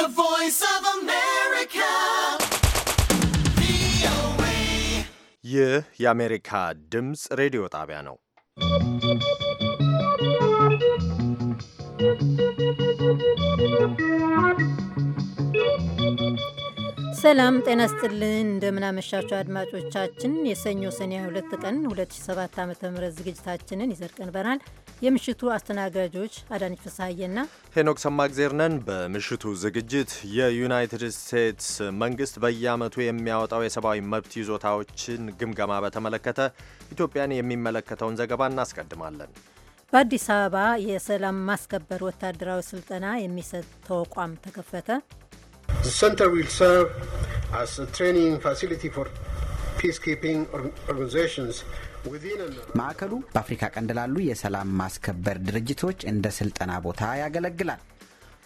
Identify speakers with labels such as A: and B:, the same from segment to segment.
A: The voice of America.
B: yeah, America. Dims Radio Tabiano.
C: ¶¶
D: ሰላም ጤና ስጥልን። እንደምናመሻቸው አድማጮቻችን የሰኞ ሰኔ 2 ቀን 2007 ዓ ም ዝግጅታችንን ይዘርቀንበናል። የምሽቱ አስተናጋጆች አዳነች ፍስሐዬና
B: ሄኖክ ሰማእግዜር ነን። በምሽቱ ዝግጅት የዩናይትድ ስቴትስ መንግስት በየዓመቱ የሚያወጣው የሰብአዊ መብት ይዞታዎችን ግምገማ በተመለከተ ኢትዮጵያን የሚመለከተውን ዘገባ እናስቀድማለን።
D: በአዲስ አበባ የሰላም ማስከበር ወታደራዊ ስልጠና የሚሰጥ ተቋም ተከፈተ።
E: The center will serve as a training facility for peacekeeping organizations ማዕከሉ
A: በአፍሪካ ቀንድ ላሉ የሰላም ማስከበር ድርጅቶች እንደ ስልጠና ቦታ ያገለግላል።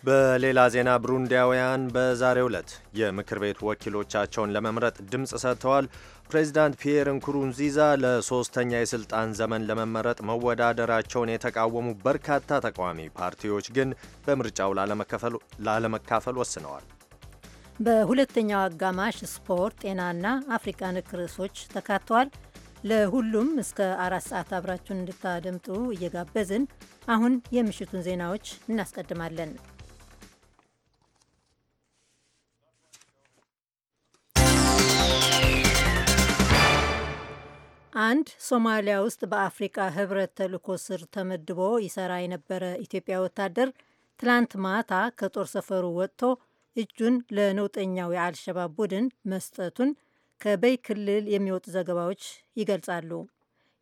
B: በሌላ ዜና ብሩንዲያውያን በዛሬው ዕለት የምክር ቤት ወኪሎቻቸውን ለመምረጥ ድምፅ ሰጥተዋል። ፕሬዚዳንት ፒየር እንኩሩንዚዛ ለሶስተኛ የስልጣን ዘመን ለመመረጥ መወዳደራቸውን የተቃወሙ በርካታ ተቃዋሚ ፓርቲዎች ግን በምርጫው ላለመካፈል ወስነዋል።
D: በሁለተኛው አጋማሽ ስፖርት፣ ጤናና አፍሪቃ ነክ ርዕሶች ተካተዋል። ለሁሉም እስከ አራት ሰዓት አብራችሁን እንድታደምጡ እየጋበዝን አሁን የምሽቱን ዜናዎች እናስቀድማለን። አንድ ሶማሊያ ውስጥ በአፍሪቃ ህብረት ተልእኮ ስር ተመድቦ ይሰራ የነበረ ኢትዮጵያ ወታደር ትላንት ማታ ከጦር ሰፈሩ ወጥቶ እጁን ለነውጠኛው የአልሸባብ ቡድን መስጠቱን ከበይ ክልል የሚወጡ ዘገባዎች ይገልጻሉ።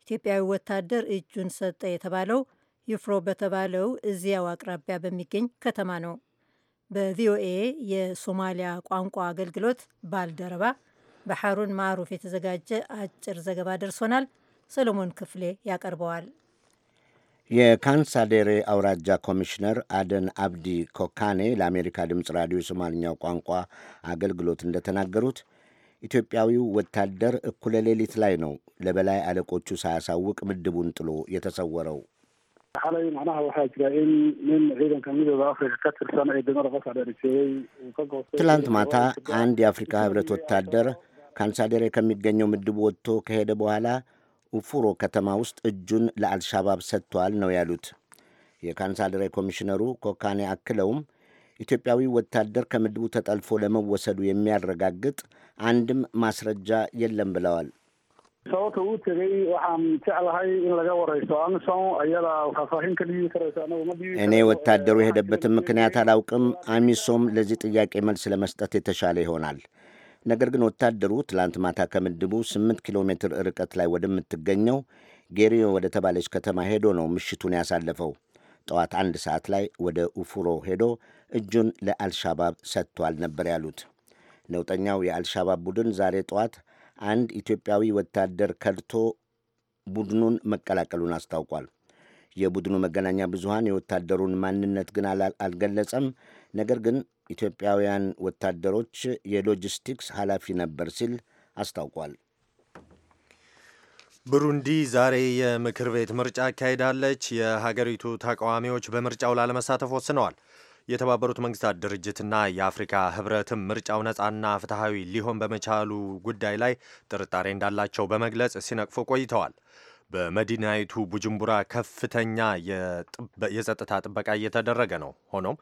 D: ኢትዮጵያዊ ወታደር እጁን ሰጠ የተባለው ይፍሮ በተባለው እዚያው አቅራቢያ በሚገኝ ከተማ ነው። በቪኦኤ የሶማሊያ ቋንቋ አገልግሎት ባልደረባ በሐሩን ማዕሩፍ የተዘጋጀ አጭር ዘገባ ደርሶናል። ሰሎሞን ክፍሌ ያቀርበዋል።
F: የካንሳዴሬ አውራጃ ኮሚሽነር አደን አብዲ ኮካኔ ለአሜሪካ ድምፅ ራዲዮ የሶማልኛው ቋንቋ አገልግሎት እንደተናገሩት ኢትዮጵያዊው ወታደር እኩለ ሌሊት ላይ ነው ለበላይ አለቆቹ ሳያሳውቅ ምድቡን ጥሎ የተሰወረው። ትላንት ማታ አንድ የአፍሪካ ህብረት ወታደር ካንሳዴሬ ከሚገኘው ምድቡ ወጥቶ ከሄደ በኋላ ኡፉሮ ከተማ ውስጥ እጁን ለአልሻባብ ሰጥቷል ነው ያሉት። የካንሳልሬ ኮሚሽነሩ ኮካኔ አክለውም ኢትዮጵያዊ ወታደር ከምድቡ ተጠልፎ ለመወሰዱ የሚያረጋግጥ አንድም ማስረጃ የለም ብለዋል። እኔ ወታደሩ የሄደበትን ምክንያት አላውቅም። አሚሶም ለዚህ ጥያቄ መልስ ለመስጠት የተሻለ ይሆናል። ነገር ግን ወታደሩ ትላንት ማታ ከምድቡ 8 ኪሎ ሜትር ርቀት ላይ ወደምትገኘው ጌሪዮ ወደ ተባለች ከተማ ሄዶ ነው ምሽቱን ያሳለፈው። ጠዋት አንድ ሰዓት ላይ ወደ ኡፉሮ ሄዶ እጁን ለአልሻባብ ሰጥቷል ነበር ያሉት። ነውጠኛው የአልሻባብ ቡድን ዛሬ ጠዋት አንድ ኢትዮጵያዊ ወታደር ከድቶ ቡድኑን መቀላቀሉን አስታውቋል። የቡድኑ መገናኛ ብዙሃን የወታደሩን ማንነት ግን አልገለጸም። ነገር ግን ኢትዮጵያውያን ወታደሮች የሎጂስቲክስ ኃላፊ ነበር ሲል አስታውቋል።
B: ብሩንዲ ዛሬ የምክር ቤት ምርጫ አካሂዳለች። የሀገሪቱ ተቃዋሚዎች በምርጫው ላለመሳተፍ ወስነዋል። የተባበሩት መንግስታት ድርጅትና የአፍሪካ ህብረትም ምርጫው ነፃና ፍትሐዊ ሊሆን በመቻሉ ጉዳይ ላይ ጥርጣሬ እንዳላቸው በመግለጽ ሲነቅፉ ቆይተዋል። በመዲናይቱ ቡጅምቡራ ከፍተኛ የጸጥታ ጥበቃ እየተደረገ ነው። ሆኖም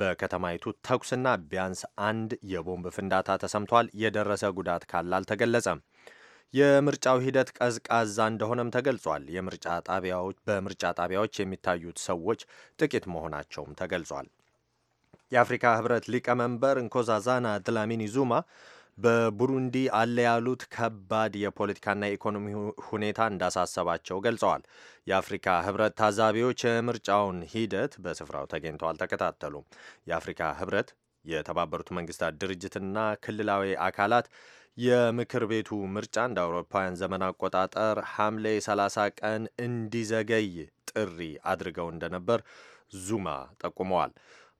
B: በከተማይቱ ተኩስና ቢያንስ አንድ የቦምብ ፍንዳታ ተሰምቷል። የደረሰ ጉዳት ካለ አልተገለጸም። የምርጫው ሂደት ቀዝቃዛ እንደሆነም ተገልጿል። የምርጫ ጣቢያዎች በምርጫ ጣቢያዎች የሚታዩት ሰዎች ጥቂት መሆናቸውም ተገልጿል። የአፍሪካ ህብረት ሊቀመንበር እንኮዛዛና ድላሚኒ ዙማ በቡሩንዲ አለ ያሉት ከባድ የፖለቲካና የኢኮኖሚ ሁኔታ እንዳሳሰባቸው ገልጸዋል። የአፍሪካ ህብረት ታዛቢዎች የምርጫውን ሂደት በስፍራው ተገኝተው አልተከታተሉም። የአፍሪካ ህብረት የተባበሩት መንግስታት ድርጅትና ክልላዊ አካላት የምክር ቤቱ ምርጫ እንደ አውሮፓውያን ዘመን አቆጣጠር ሐምሌ 30 ቀን እንዲዘገይ ጥሪ አድርገው እንደነበር ዙማ ጠቁመዋል።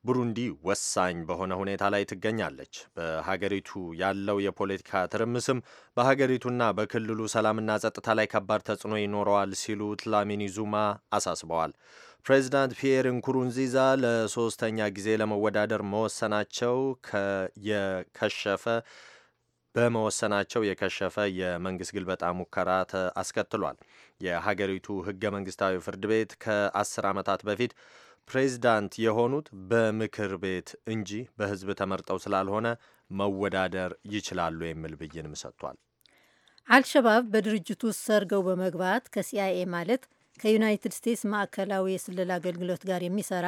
B: ቡሩንዲ ወሳኝ በሆነ ሁኔታ ላይ ትገኛለች። በሀገሪቱ ያለው የፖለቲካ ትርምስም በሀገሪቱና በክልሉ ሰላምና ጸጥታ ላይ ከባድ ተጽዕኖ ይኖረዋል ሲሉ ትላሚኒ ዙማ አሳስበዋል። ፕሬዚዳንት ፒየር ንኩሩንዚዛ ለሶስተኛ ጊዜ ለመወዳደር መወሰናቸው የከሸፈ በመወሰናቸው የከሸፈ የመንግስት ግልበጣ ሙከራ አስከትሏል። የሀገሪቱ ህገ መንግስታዊ ፍርድ ቤት ከአስር ዓመታት በፊት ፕሬዚዳንት የሆኑት በምክር ቤት እንጂ በህዝብ ተመርጠው ስላልሆነ መወዳደር ይችላሉ የሚል ብይንም ሰጥቷል።
D: አልሸባብ በድርጅቱ ውስጥ ሰርገው በመግባት ከሲአይኤ ማለት ከዩናይትድ ስቴትስ ማዕከላዊ የስለላ አገልግሎት ጋር የሚሰራ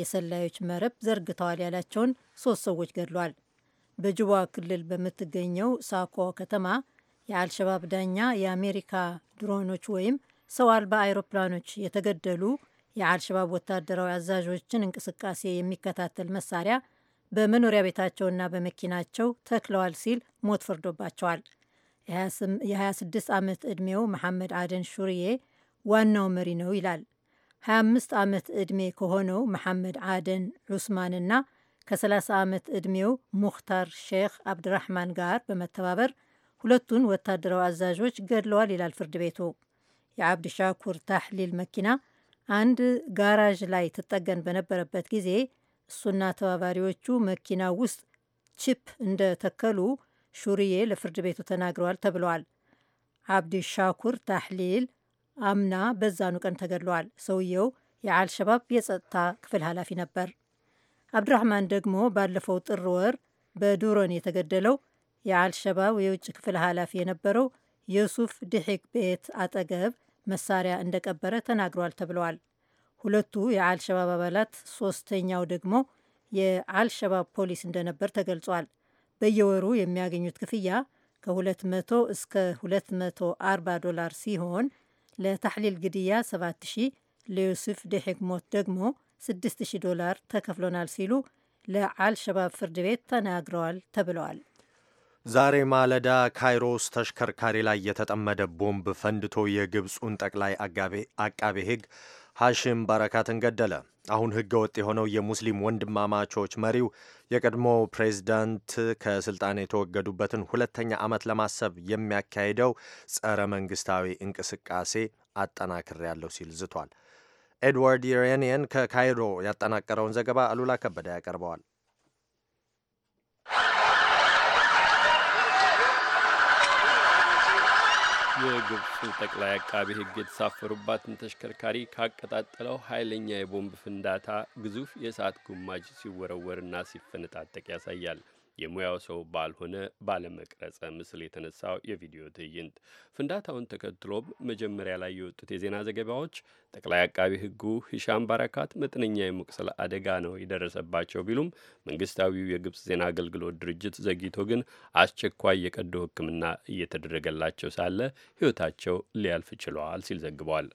D: የሰላዮች መረብ ዘርግተዋል ያላቸውን ሶስት ሰዎች ገድሏል። በጅባ ክልል በምትገኘው ሳኮ ከተማ የአልሸባብ ዳኛ የአሜሪካ ድሮኖች ወይም ሰው አልባ አይሮፕላኖች የተገደሉ የአልሸባብ ወታደራዊ አዛዦችን እንቅስቃሴ የሚከታተል መሳሪያ በመኖሪያ ቤታቸውና በመኪናቸው ተክለዋል ሲል ሞት ፈርዶባቸዋል። የ26 ዓመት ዕድሜው መሐመድ አደን ሹርዬ ዋናው መሪ ነው ይላል። 25 ዓመት ዕድሜ ከሆነው መሐመድ አደን ዑስማንና ከ30 ዓመት ዕድሜው ሙኽታር ሼክ አብድራህማን ጋር በመተባበር ሁለቱን ወታደራዊ አዛዦች ገድለዋል ይላል ፍርድ ቤቱ። የአብድሻኩር ታሕሊል መኪና አንድ ጋራዥ ላይ ትጠገን በነበረበት ጊዜ እሱና ተባባሪዎቹ መኪና ውስጥ ቺፕ እንደተከሉ ሹርዬ ለፍርድ ቤቱ ተናግረዋል ተብለዋል። አብዲ ሻኩር ታህሊል አምና በዛኑ ቀን ተገድለዋል። ሰውየው የአልሸባብ የጸጥታ ክፍል ኃላፊ ነበር። አብድራህማን ደግሞ ባለፈው ጥር ወር በዱሮን የተገደለው የአልሸባብ የውጭ ክፍል ኃላፊ የነበረው የሱፍ ድሒቅ ቤት አጠገብ መሳሪያ እንደቀበረ ተናግሯል ተብለዋል። ሁለቱ የአልሸባብ አባላት ሶስተኛው ደግሞ የአልሸባብ ፖሊስ እንደነበር ተገልጿል። በየወሩ የሚያገኙት ክፍያ ከ200 እስከ 240 ዶላር ሲሆን ለታሕሊል ግድያ 7000 ለዮሱፍ ደሄግ ሞት ደግሞ 6000 ዶላር ተከፍሎናል ሲሉ ለአልሸባብ ፍርድ ቤት ተናግረዋል ተብለዋል።
B: ዛሬ ማለዳ ካይሮ ውስጥ ተሽከርካሪ ላይ የተጠመደ ቦምብ ፈንድቶ የግብፁን ጠቅላይ አቃቤ ሕግ ሐሽም ባረካትን ገደለ። አሁን ሕገ ወጥ የሆነው የሙስሊም ወንድማማቾች መሪው የቀድሞ ፕሬዚዳንት ከስልጣን የተወገዱበትን ሁለተኛ ዓመት ለማሰብ የሚያካሂደው ጸረ መንግስታዊ እንቅስቃሴ አጠናክር ያለው ሲል ዝቷል። ኤድዋርድ ዩሬኒየን ከካይሮ ያጠናቀረውን ዘገባ አሉላ ከበደ
E: ያቀርበዋል። የግብፁ ጠቅላይ አቃቢ ሕግ የተሳፈሩባትን ተሽከርካሪ ካቀጣጠለው ኃይለኛ የቦምብ ፍንዳታ ግዙፍ የእሳት ጉማጅ ሲወረወርና ሲፈነጣጠቅ ያሳያል። የሙያው ሰው ባልሆነ ባለመቅረጸ ምስል የተነሳው የቪዲዮ ትዕይንት ፍንዳታውን ተከትሎም መጀመሪያ ላይ የወጡት የዜና ዘገባዎች ጠቅላይ አቃቢ ሕጉ ሂሻም ባረካት መጠነኛ የመቁሰል አደጋ ነው የደረሰባቸው ቢሉም መንግስታዊው የግብፅ ዜና አገልግሎት ድርጅት ዘግይቶ ግን አስቸኳይ የቀዶ ሕክምና እየተደረገላቸው ሳለ ሕይወታቸው ሊያልፍ ችለዋል ሲል ዘግቧል።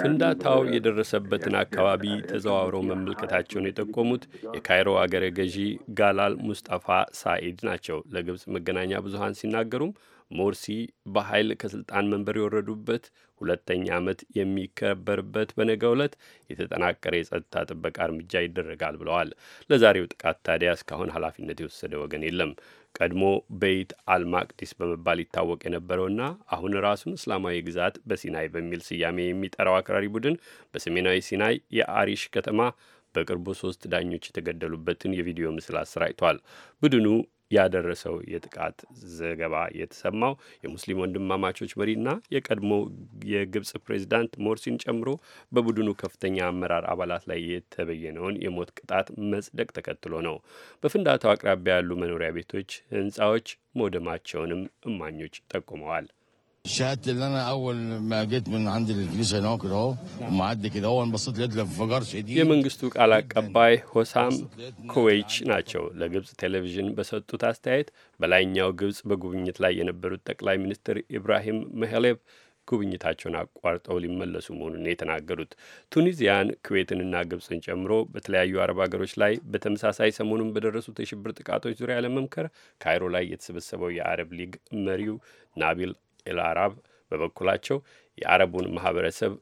E: ፍንዳታው የደረሰበትን አካባቢ ተዘዋውረው መመልከታቸውን የጠቆሙት የካይሮ አገረ ገዢ ጋላል ሙስጠፋ ሳኢድ ናቸው። ለግብፅ መገናኛ ብዙኃን ሲናገሩም ሞርሲ በኃይል ከስልጣን መንበር የወረዱበት ሁለተኛ ዓመት የሚከበርበት በነገ ዕለት የተጠናቀረ የጸጥታ ጥበቃ እርምጃ ይደረጋል ብለዋል። ለዛሬው ጥቃት ታዲያ እስካሁን ኃላፊነት የወሰደ ወገን የለም። ቀድሞ በይት አልማቅዲስ በመባል ይታወቅ የነበረውና አሁን ራሱን እስላማዊ ግዛት በሲናይ በሚል ስያሜ የሚጠራው አክራሪ ቡድን በሰሜናዊ ሲናይ የአሪሽ ከተማ በቅርቡ ሶስት ዳኞች የተገደሉበትን የቪዲዮ ምስል አሰራጭቷል። ቡድኑ ያደረሰው የጥቃት ዘገባ የተሰማው የሙስሊም ወንድማማቾች መሪና የቀድሞ የግብጽ ፕሬዚዳንት ሞርሲን ጨምሮ በቡድኑ ከፍተኛ አመራር አባላት ላይ የተበየነውን የሞት ቅጣት መጽደቅ ተከትሎ ነው። በፍንዳታው አቅራቢያ ያሉ መኖሪያ ቤቶች፣ ህንፃዎች መውደማቸውንም እማኞች ጠቁመዋል።
G: شهادتي اللي انا اول ما جيت من عند الكنيسه هنا كده اهو ومعدي كده اهو انبسطت لقيت انفجار شديد
E: የመንግስቱ ቃል አቀባይ ሆሳም ኩዌይች ናቸው። ለግብጽ ቴሌቪዥን በሰጡት አስተያየት በላይኛው ግብጽ በጉብኝት لا የነበሩት ጠቅላይ منستر ابراهيم مهلب ጉብኝታቸውን አቋርጠው ሊመለሱ መሆኑን የተናገሩት ቱኒዚያን፣ ክዌትንና ግብፅን ጨምሮ በተለያዩ አረብ ሀገሮች ላይ በተመሳሳይ ሰሞኑን በደረሱት የሽብር ጥቃቶች ዙሪያ ለመምከር ካይሮ ላይ የተሰበሰበው የአረብ ሊግ መሪው ናቢል ኤልአራብ በበኩላቸው የአረቡን ማህበረሰብ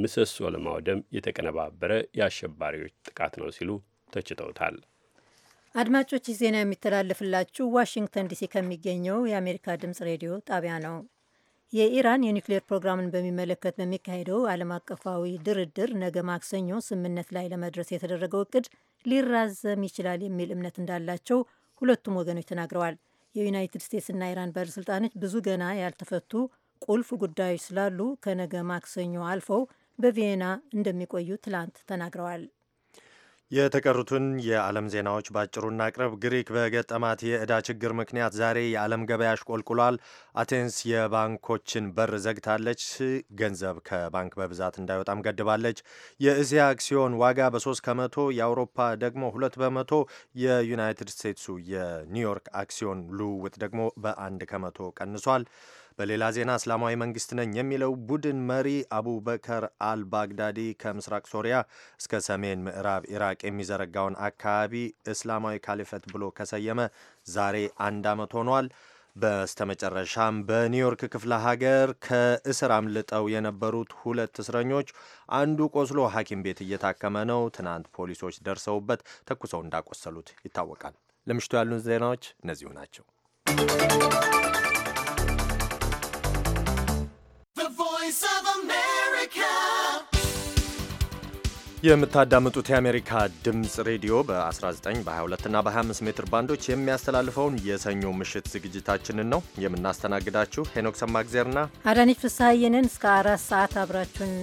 E: ምሰሶ ለማውደም የተቀነባበረ የአሸባሪዎች ጥቃት ነው ሲሉ ተችተውታል።
D: አድማጮች ይህ ዜና የሚተላለፍላችሁ ዋሽንግተን ዲሲ ከሚገኘው የአሜሪካ ድምፅ ሬዲዮ ጣቢያ ነው። የኢራን የኒውክሌር ፕሮግራምን በሚመለከት በሚካሄደው ዓለም አቀፋዊ ድርድር ነገ ማክሰኞ ስምምነት ላይ ለመድረስ የተደረገው እቅድ ሊራዘም ይችላል የሚል እምነት እንዳላቸው ሁለቱም ወገኖች ተናግረዋል። የዩናይትድ ስቴትስና ኢራን ባለሥልጣኖች ብዙ ገና ያልተፈቱ ቁልፍ ጉዳዮች ስላሉ ከነገ ማክሰኞ አልፈው በቪየና እንደሚቆዩ ትላንት ተናግረዋል።
B: የተቀሩትን የዓለም ዜናዎች ባጭሩ ቅርብ። ግሪክ በገጠማት የዕዳ ችግር ምክንያት ዛሬ የዓለም ገበያ አሽቆልቁሏል። አቴንስ የባንኮችን በር ዘግታለች፣ ገንዘብ ከባንክ በብዛት እንዳይወጣም ገድባለች። የእስያ አክሲዮን ዋጋ በሶስት ከመቶ የአውሮፓ ደግሞ ሁለት በመቶ የዩናይትድ ስቴትሱ የኒውዮርክ አክሲዮን ልውውጥ ደግሞ በአንድ ከመቶ ቀንሷል። በሌላ ዜና እስላማዊ መንግስት ነኝ የሚለው ቡድን መሪ አቡበከር አልባግዳዲ ከምስራቅ ሶሪያ እስከ ሰሜን ምዕራብ ኢራቅ የሚዘረጋውን አካባቢ እስላማዊ ካሊፈት ብሎ ከሰየመ ዛሬ አንድ ዓመት ሆኗል። በስተመጨረሻም በኒውዮርክ ክፍለ ሀገር ከእስር አምልጠው የነበሩት ሁለት እስረኞች አንዱ ቆስሎ ሐኪም ቤት እየታከመ ነው። ትናንት ፖሊሶች ደርሰውበት ተኩሰው እንዳቆሰሉት ይታወቃል። ለምሽቱ ያሉን ዜናዎች እነዚሁ ናቸው። የምታዳምጡት የአሜሪካ ድምፅ ሬዲዮ በ19 በ22 እና በ25 ሜትር ባንዶች የሚያስተላልፈውን የሰኞ ምሽት ዝግጅታችንን ነው የምናስተናግዳችሁ ሄኖክ ሰማግዜርና
D: አዳነች ፍስሐዬንን እስከ አራት ሰዓት አብራችሁን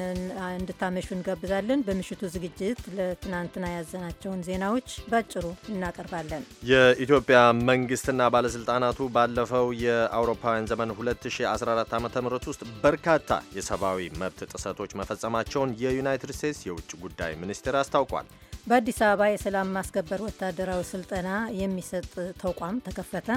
D: እንድታመሹ እንጋብዛለን። በምሽቱ ዝግጅት ለትናንትና ያዘናቸውን ዜናዎች ባጭሩ እናቀርባለን።
B: የኢትዮጵያ መንግስትና ባለስልጣናቱ ባለፈው የአውሮፓውያን ዘመን 2014 ዓ ም ውስጥ በርካታ የሰብአዊ መብት ጥሰቶች መፈጸማቸውን የዩናይትድ ስቴትስ የውጭ ጉዳይ ጉዳይ ሚኒስቴር አስታውቋል።
D: በአዲስ አበባ የሰላም ማስከበር ወታደራዊ ስልጠና የሚሰጥ ተቋም ተከፈተ።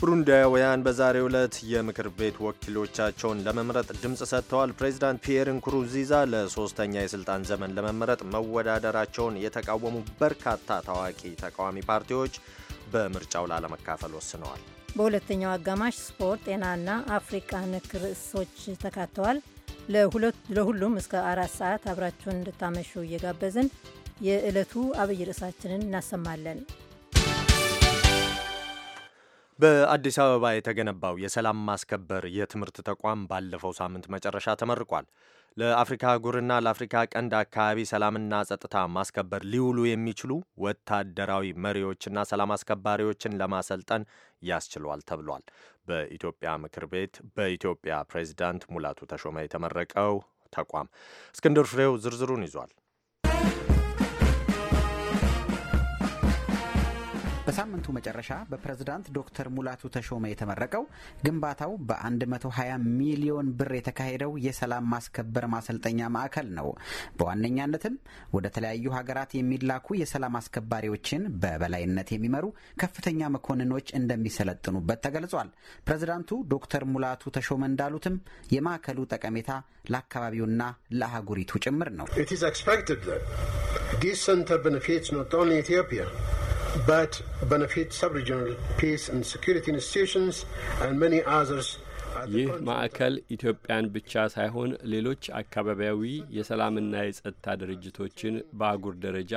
B: ቡሩንዳውያን በዛሬ ዕለት የምክር ቤት ወኪሎቻቸውን ለመምረጥ ድምፅ ሰጥተዋል። ፕሬዚዳንት ፒየር ንኩሩንዚዛ ለሶስተኛ የስልጣን ዘመን ለመመረጥ መወዳደራቸውን የተቃወሙ በርካታ ታዋቂ ተቃዋሚ ፓርቲዎች በምርጫው ላለመካፈል ወስነዋል።
D: በሁለተኛው አጋማሽ ስፖርት፣ ጤናና አፍሪቃ ነክ ርዕሶች ተካተዋል። ለሁሉም እስከ አራት ሰዓት አብራችሁን እንድታመሹ እየጋበዝን የዕለቱ አብይ ርዕሳችንን እናሰማለን።
B: በአዲስ አበባ የተገነባው የሰላም ማስከበር የትምህርት ተቋም ባለፈው ሳምንት መጨረሻ ተመርቋል። ለአፍሪካ አህጉርና ለአፍሪካ ቀንድ አካባቢ ሰላምና ጸጥታ ማስከበር ሊውሉ የሚችሉ ወታደራዊ መሪዎችና ሰላም አስከባሪዎችን ለማሰልጠን ያስችሏል ተብሏል። በኢትዮጵያ ምክር ቤት በኢትዮጵያ ፕሬዚዳንት ሙላቱ ተሾመ የተመረቀው ተቋም እስክንድር ፍሬው ዝርዝሩን ይዟል።
A: በሳምንቱ መጨረሻ በፕሬዝዳንት ዶክተር ሙላቱ ተሾመ የተመረቀው ግንባታው በ120 ሚሊዮን ብር የተካሄደው የሰላም ማስከበር ማሰልጠኛ ማዕከል ነው። በዋነኛነትም ወደ ተለያዩ ሀገራት የሚላኩ የሰላም አስከባሪዎችን በበላይነት የሚመሩ ከፍተኛ መኮንኖች እንደሚሰለጥኑበት ተገልጿል። ፕሬዝዳንቱ ዶክተር ሙላቱ ተሾመ እንዳሉትም የማዕከሉ ጠቀሜታ ለአካባቢውና ለአህጉሪቱ ጭምር ነው።
E: but benefit sub-regional peace and security institutions and many others. ይህ ማዕከል ኢትዮጵያን ብቻ ሳይሆን ሌሎች አካባቢያዊ የሰላምና የጸጥታ ድርጅቶችን በአጉር ደረጃ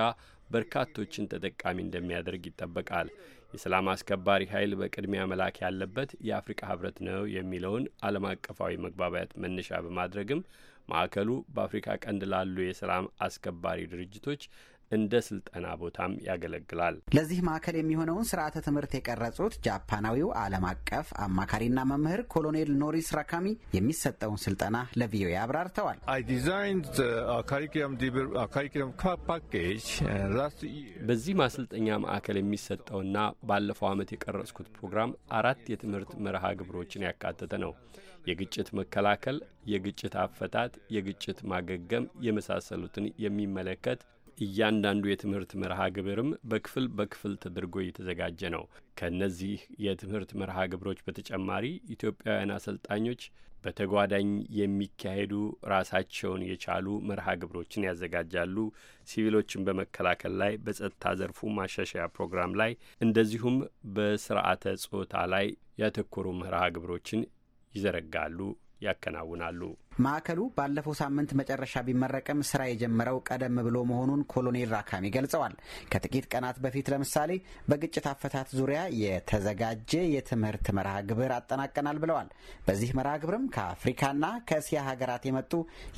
E: በርካቶችን ተጠቃሚ እንደሚያደርግ ይጠበቃል። የሰላም አስከባሪ ኃይል በቅድሚያ መላክ ያለበት የአፍሪካ ህብረት ነው የሚለውን ዓለም አቀፋዊ መግባባት መነሻ በማድረግም ማዕከሉ በአፍሪካ ቀንድ ላሉ የሰላም አስከባሪ ድርጅቶች እንደ ስልጠና ቦታም ያገለግላል።
A: ለዚህ ማዕከል የሚሆነውን ስርዓተ ትምህርት የቀረጹት ጃፓናዊው ዓለም አቀፍ አማካሪና መምህር ኮሎኔል ኖሪስ ራካሚ የሚሰጠውን ስልጠና ለቪኦኤ አብራርተዋል።
G: uh, uh, uh, በዚህ
E: ማሰልጠኛ ማዕከል የሚሰጠውና ባለፈው ዓመት የቀረጽኩት ፕሮግራም አራት የትምህርት መርሃ ግብሮችን ያካተተ ነው። የግጭት መከላከል፣ የግጭት አፈታት፣ የግጭት ማገገም የመሳሰሉትን የሚመለከት እያንዳንዱ የትምህርት መርሃ ግብርም በክፍል በክፍል ተደርጎ እየተዘጋጀ ነው። ከእነዚህ የትምህርት መርሃ ግብሮች በተጨማሪ ኢትዮጵያውያን አሰልጣኞች በተጓዳኝ የሚካሄዱ ራሳቸውን የቻሉ መርሃ ግብሮችን ያዘጋጃሉ። ሲቪሎችን በመከላከል ላይ፣ በጸጥታ ዘርፉ ማሻሻያ ፕሮግራም ላይ እንደዚሁም በስርዓተ ጾታ ላይ ያተኮሩ መርሃ ግብሮችን ይዘረጋሉ፣ ያከናውናሉ።
A: ማዕከሉ ባለፈው ሳምንት መጨረሻ ቢመረቅም ስራ የጀመረው ቀደም ብሎ መሆኑን ኮሎኔል ራካሚ ገልጸዋል። ከጥቂት ቀናት በፊት ለምሳሌ በግጭት አፈታት ዙሪያ የተዘጋጀ የትምህርት መርሃ ግብር አጠናቀናል ብለዋል። በዚህ መርሃ ግብርም ከአፍሪካና ከእስያ ሀገራት የመጡ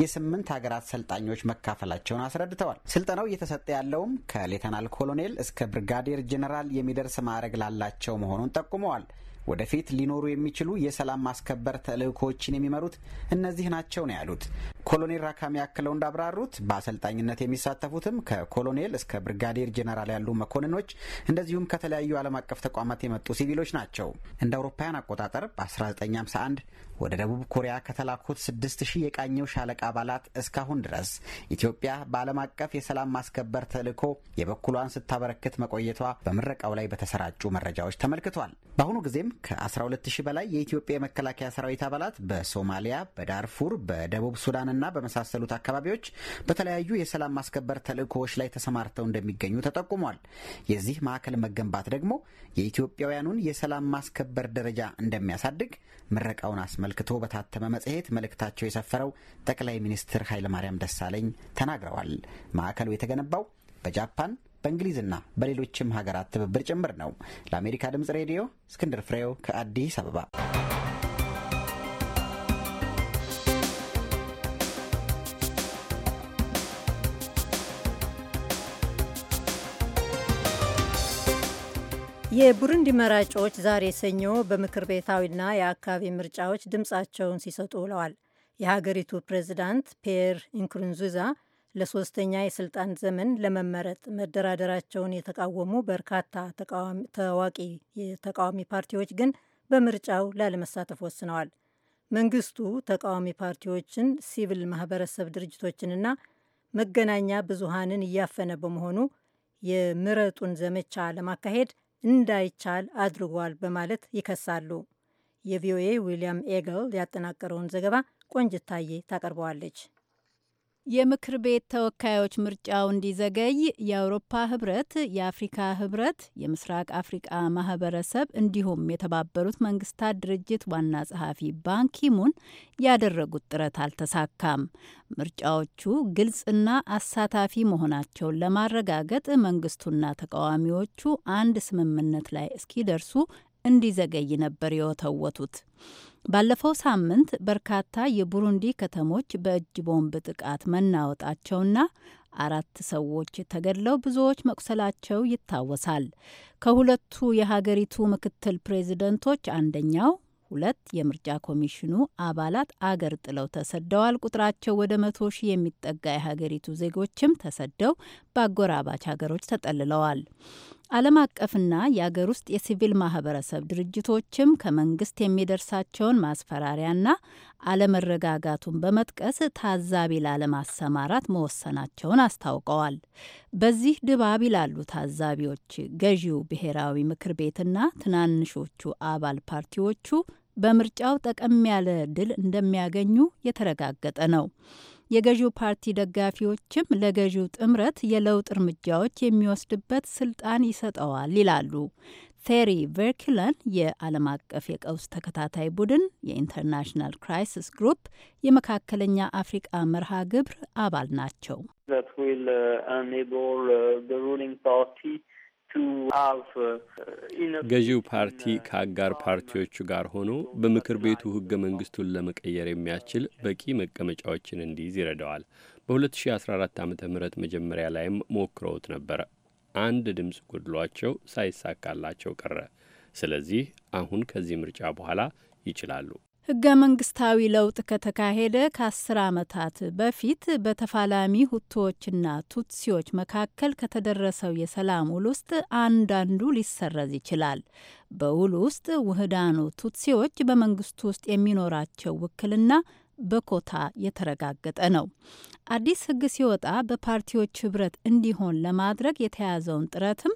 A: የስምንት ሀገራት ሰልጣኞች መካፈላቸውን አስረድተዋል። ስልጠናው እየተሰጠ ያለውም ከሌተናል ኮሎኔል እስከ ብርጋዴር ጄኔራል የሚደርስ ማዕረግ ላላቸው መሆኑን ጠቁመዋል። ወደፊት ሊኖሩ የሚችሉ የሰላም ማስከበር ተልእኮዎችን የሚመሩት እነዚህ ናቸው ነው ያሉት። ኮሎኔል ራካሚ ያክለው እንዳብራሩት በአሰልጣኝነት የሚሳተፉትም ከኮሎኔል እስከ ብርጋዴር ጄኔራል ያሉ መኮንኖች እንደዚሁም ከተለያዩ ዓለም አቀፍ ተቋማት የመጡ ሲቪሎች ናቸው። እንደ አውሮፓውያን አቆጣጠር በ1951 ወደ ደቡብ ኮሪያ ከተላኩት 6000 የቃኘው ሻለቃ አባላት እስካሁን ድረስ ኢትዮጵያ በዓለም አቀፍ የሰላም ማስከበር ተልእኮ የበኩሏን ስታበረክት መቆየቷ በምረቃው ላይ በተሰራጩ መረጃዎች ተመልክቷል። በአሁኑ ጊዜም ከ12000 በላይ የኢትዮጵያ የመከላከያ ሰራዊት አባላት በሶማሊያ፣ በዳርፉር፣ በደቡብ ሱዳንና በመሳሰሉት አካባቢዎች በተለያዩ የሰላም ማስከበር ተልዕኮዎች ላይ ተሰማርተው እንደሚገኙ ተጠቁሟል። የዚህ ማዕከል መገንባት ደግሞ የኢትዮጵያውያኑን የሰላም ማስከበር ደረጃ እንደሚያሳድግ ምረቃውን አስመልክቶ በታተመ መጽሔት መልእክታቸው የሰፈረው ጠቅላይ ሚኒስትር ኃይለማርያም ደሳለኝ ተናግረዋል። ማዕከሉ የተገነባው በጃፓን በእንግሊዝና በሌሎችም ሀገራት ትብብር ጭምር ነው። ለአሜሪካ ድምፅ ሬዲዮ እስክንድር ፍሬው ከአዲስ አበባ።
D: የቡሩንዲ መራጮች ዛሬ ሰኞ በምክር ቤታዊና የአካባቢ ምርጫዎች ድምፃቸውን ሲሰጡ ውለዋል። የሀገሪቱ ፕሬዚዳንት ፒየር ኢንክሩንዙዛ ለሶስተኛ የስልጣን ዘመን ለመመረጥ መደራደራቸውን የተቃወሙ በርካታ ታዋቂ የተቃዋሚ ፓርቲዎች ግን በምርጫው ላለመሳተፍ ወስነዋል። መንግስቱ ተቃዋሚ ፓርቲዎችን፣ ሲቪል ማህበረሰብ ድርጅቶችንና መገናኛ ብዙሃንን እያፈነ በመሆኑ የምረጡን ዘመቻ ለማካሄድ እንዳይቻል አድርጓል በማለት ይከሳሉ። የቪኦኤ ዊሊያም ኤግል ያጠናቀረውን ዘገባ ቆንጅታዬ ታቀርበዋለች።
H: የምክር ቤት ተወካዮች ምርጫው እንዲዘገይ የአውሮፓ ህብረት፣ የአፍሪካ ህብረት፣ የምስራቅ አፍሪቃ ማህበረሰብ እንዲሁም የተባበሩት መንግስታት ድርጅት ዋና ጸሐፊ ባንኪሙን ያደረጉት ጥረት አልተሳካም። ምርጫዎቹ ግልጽና አሳታፊ መሆናቸውን ለማረጋገጥ መንግስቱና ተቃዋሚዎቹ አንድ ስምምነት ላይ እስኪደርሱ እንዲዘገይ ነበር የወተወቱት። ባለፈው ሳምንት በርካታ የቡሩንዲ ከተሞች በእጅ ቦምብ ጥቃት መናወጣቸውና አራት ሰዎች ተገድለው ብዙዎች መቁሰላቸው ይታወሳል። ከሁለቱ የሀገሪቱ ምክትል ፕሬዚደንቶች አንደኛው ሁለት የምርጫ ኮሚሽኑ አባላት አገር ጥለው ተሰደዋል። ቁጥራቸው ወደ መቶ ሺህ የሚጠጋ የሀገሪቱ ዜጎችም ተሰደው በአጎራባች ሀገሮች ተጠልለዋል። ዓለም አቀፍና የአገር ውስጥ የሲቪል ማህበረሰብ ድርጅቶችም ከመንግስት የሚደርሳቸውን ማስፈራሪያና አለመረጋጋቱን በመጥቀስ ታዛቢ ላለማሰማራት መወሰናቸውን አስታውቀዋል። በዚህ ድባብ ይላሉ ታዛቢዎች፣ ገዢው ብሔራዊ ምክር ቤትና ትናንሾቹ አባል ፓርቲዎቹ በምርጫው ጠቀም ያለ ድል እንደሚያገኙ የተረጋገጠ ነው። የገዢው ፓርቲ ደጋፊዎችም ለገዢው ጥምረት የለውጥ እርምጃዎች የሚወስድበት ስልጣን ይሰጠዋል ይላሉ። ቴሪ ቨርኪለን የዓለም አቀፍ የቀውስ ተከታታይ ቡድን የኢንተርናሽናል ክራይሲስ ግሩፕ የመካከለኛ አፍሪቃ መርሃ ግብር አባል ናቸው።
I: uh, uh,
E: ገዢው ፓርቲ ከአጋር ፓርቲዎቹ ጋር ሆኖ በምክር ቤቱ ህገ መንግስቱን ለመቀየር የሚያስችል በቂ መቀመጫዎችን እንዲይዝ ይረዳዋል። በ2014 ዓ ም መጀመሪያ ላይም ሞክረውት ነበረ። አንድ ድምፅ ጎድሏቸው ሳይሳካላቸው ቀረ። ስለዚህ አሁን ከዚህ ምርጫ በኋላ ይችላሉ።
H: ህገ መንግስታዊ ለውጥ ከተካሄደ ከአስር ዓመታት በፊት በተፋላሚ ሁቶዎችና ቱትሲዎች መካከል ከተደረሰው የሰላም ውል ውስጥ አንዳንዱ ሊሰረዝ ይችላል። በውል ውስጥ ውህዳኑ ቱትሲዎች በመንግስቱ ውስጥ የሚኖራቸው ውክልና በኮታ የተረጋገጠ ነው። አዲስ ህግ ሲወጣ በፓርቲዎች ህብረት እንዲሆን ለማድረግ የተያዘውን ጥረትም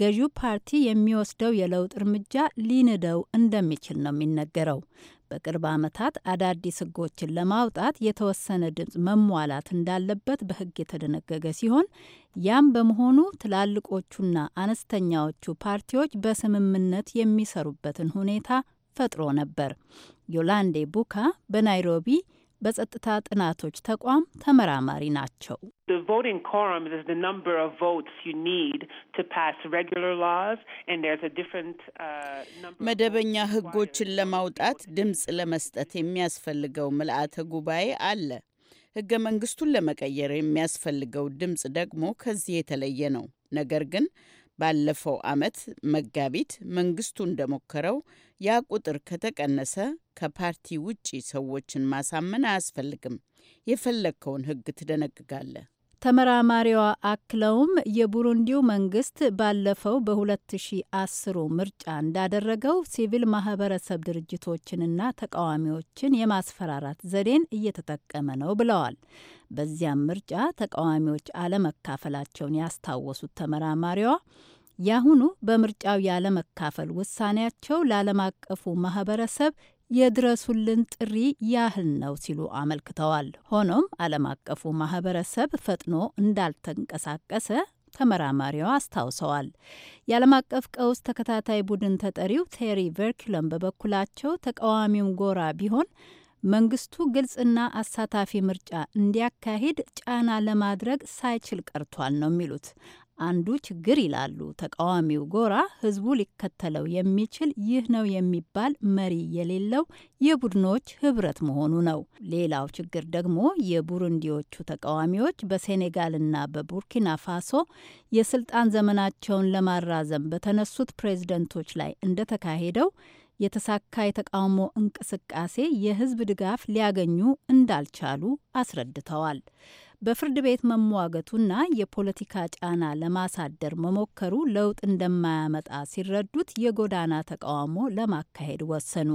H: ገዢው ፓርቲ የሚወስደው የለውጥ እርምጃ ሊንደው እንደሚችል ነው የሚነገረው። በቅርብ ዓመታት አዳዲስ ህጎችን ለማውጣት የተወሰነ ድምፅ መሟላት እንዳለበት በህግ የተደነገገ ሲሆን ያም በመሆኑ ትላልቆቹና አነስተኛዎቹ ፓርቲዎች በስምምነት የሚሰሩበትን ሁኔታ ፈጥሮ ነበር። ዮላንዴ ቡካ በናይሮቢ በጸጥታ ጥናቶች ተቋም
C: ተመራማሪ ናቸው። uh, መደበኛ ሕጎችን ለማውጣት ድምፅ ለመስጠት የሚያስፈልገው ምልአተ ጉባኤ አለ። ሕገ መንግስቱን ለመቀየር የሚያስፈልገው ድምፅ ደግሞ ከዚህ የተለየ ነው። ነገር ግን ባለፈው ዓመት መጋቢት መንግስቱ እንደሞከረው ያ ቁጥር ከተቀነሰ ከፓርቲ ውጪ ሰዎችን ማሳመን አያስፈልግም። የፈለግከውን ህግ ትደነግጋለ
H: ተመራማሪዋ አክለውም የቡሩንዲው መንግስት ባለፈው በ2010 ምርጫ እንዳደረገው ሲቪል ማህበረሰብ ድርጅቶችንና ተቃዋሚዎችን የማስፈራራት ዘዴን እየተጠቀመ ነው ብለዋል። በዚያም ምርጫ ተቃዋሚዎች አለመካፈላቸውን ያስታወሱት ተመራማሪዋ ያሁኑ በምርጫው ያለመካፈል ውሳኔያቸው ለዓለም አቀፉ ማህበረሰብ የድረሱልን ጥሪ ያህል ነው ሲሉ አመልክተዋል። ሆኖም ዓለም አቀፉ ማህበረሰብ ፈጥኖ እንዳልተንቀሳቀሰ ተመራማሪዋ አስታውሰዋል። የዓለም አቀፍ ቀውስ ተከታታይ ቡድን ተጠሪው ቴሪ ቨርኪለም በበኩላቸው ተቃዋሚውም ጎራ ቢሆን መንግስቱ ግልጽና አሳታፊ ምርጫ እንዲያካሂድ ጫና ለማድረግ ሳይችል ቀርቷል ነው የሚሉት። አንዱ ችግር ይላሉ ተቃዋሚው ጎራ ህዝቡ ሊከተለው የሚችል ይህ ነው የሚባል መሪ የሌለው የቡድኖች ህብረት መሆኑ ነው። ሌላው ችግር ደግሞ የቡሩንዲዎቹ ተቃዋሚዎች በሴኔጋልና በቡርኪና ፋሶ የስልጣን ዘመናቸውን ለማራዘም በተነሱት ፕሬዝደንቶች ላይ እንደተካሄደው የተሳካ የተቃውሞ እንቅስቃሴ የህዝብ ድጋፍ ሊያገኙ እንዳልቻሉ አስረድተዋል። በፍርድ ቤት መሟገቱና የፖለቲካ ጫና ለማሳደር መሞከሩ ለውጥ እንደማያመጣ ሲረዱት የጎዳና ተቃውሞ ለማካሄድ ወሰኑ።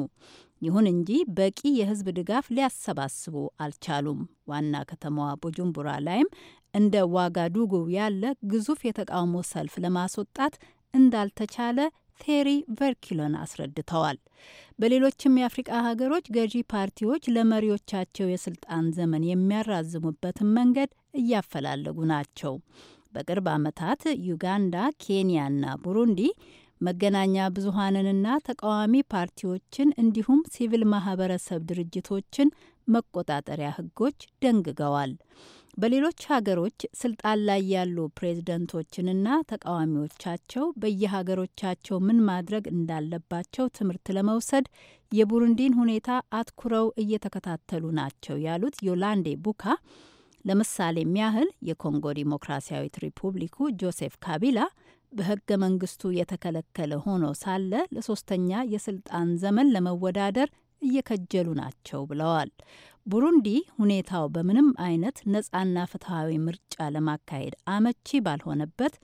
H: ይሁን እንጂ በቂ የህዝብ ድጋፍ ሊያሰባስቡ አልቻሉም። ዋና ከተማዋ ቡጁምቡራ ላይም እንደ ዋጋ ዱጉ ያለ ግዙፍ የተቃውሞ ሰልፍ ለማስወጣት እንዳልተቻለ ቴሪ ቨርኪሎን አስረድተዋል። በሌሎችም የአፍሪቃ ሀገሮች ገዢ ፓርቲዎች ለመሪዎቻቸው የስልጣን ዘመን የሚያራዝሙበትን መንገድ እያፈላለጉ ናቸው። በቅርብ ዓመታት ዩጋንዳ፣ ኬንያና ቡሩንዲ መገናኛ ብዙሀንንና ተቃዋሚ ፓርቲዎችን እንዲሁም ሲቪል ማህበረሰብ ድርጅቶችን መቆጣጠሪያ ህጎች ደንግገዋል። በሌሎች ሀገሮች ስልጣን ላይ ያሉ ፕሬዝደንቶችንና ተቃዋሚዎቻቸው በየሀገሮቻቸው ምን ማድረግ እንዳለባቸው ትምህርት ለመውሰድ የቡሩንዲን ሁኔታ አትኩረው እየተከታተሉ ናቸው ያሉት ዮላንዴ ቡካ ለምሳሌም ያህል የኮንጎ ዲሞክራሲያዊት ሪፑብሊኩ ጆሴፍ ካቢላ በህገ መንግስቱ የተከለከለ ሆኖ ሳለ ለሶስተኛ የስልጣን ዘመን ለመወዳደር እየከጀሉ ናቸው ብለዋል። ቡሩንዲ ሁኔታው በምንም አይነት ነጻና ፍትሐዊ ምርጫ ለማካሄድ አመቺ ባልሆነበት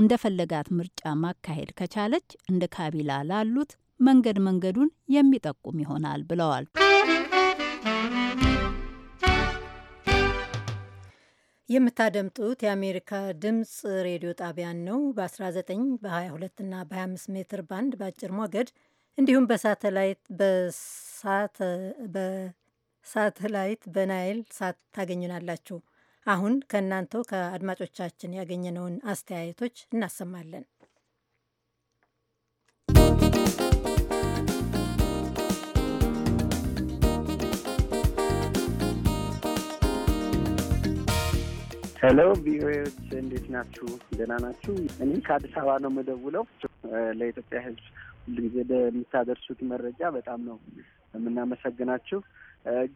H: እንደ ፈለጋት ምርጫ ማካሄድ ከቻለች እንደ ካቢላ ላሉት መንገድ መንገዱን የሚጠቁም ይሆናል ብለዋል።
D: የምታደምጡት የአሜሪካ ድምፅ ሬዲዮ ጣቢያን ነው። በ19 በ22 እና በ25 ሜትር ባንድ በአጭር ሞገድ እንዲሁም በሳተላይት በሳተላይት በናይል ሳት ታገኙናላችሁ። አሁን ከእናንተው ከአድማጮቻችን ያገኘነውን አስተያየቶች እናሰማለን።
G: ሄሎ
I: ቪኦኤዎች እንዴት ናችሁ? ደህና ናችሁ? እኔ ከአዲስ አበባ ነው የምደውለው። ለኢትዮጵያ ሕዝብ ሁልጊዜ በምታደርሱት መረጃ በጣም ነው የምናመሰግናችሁ።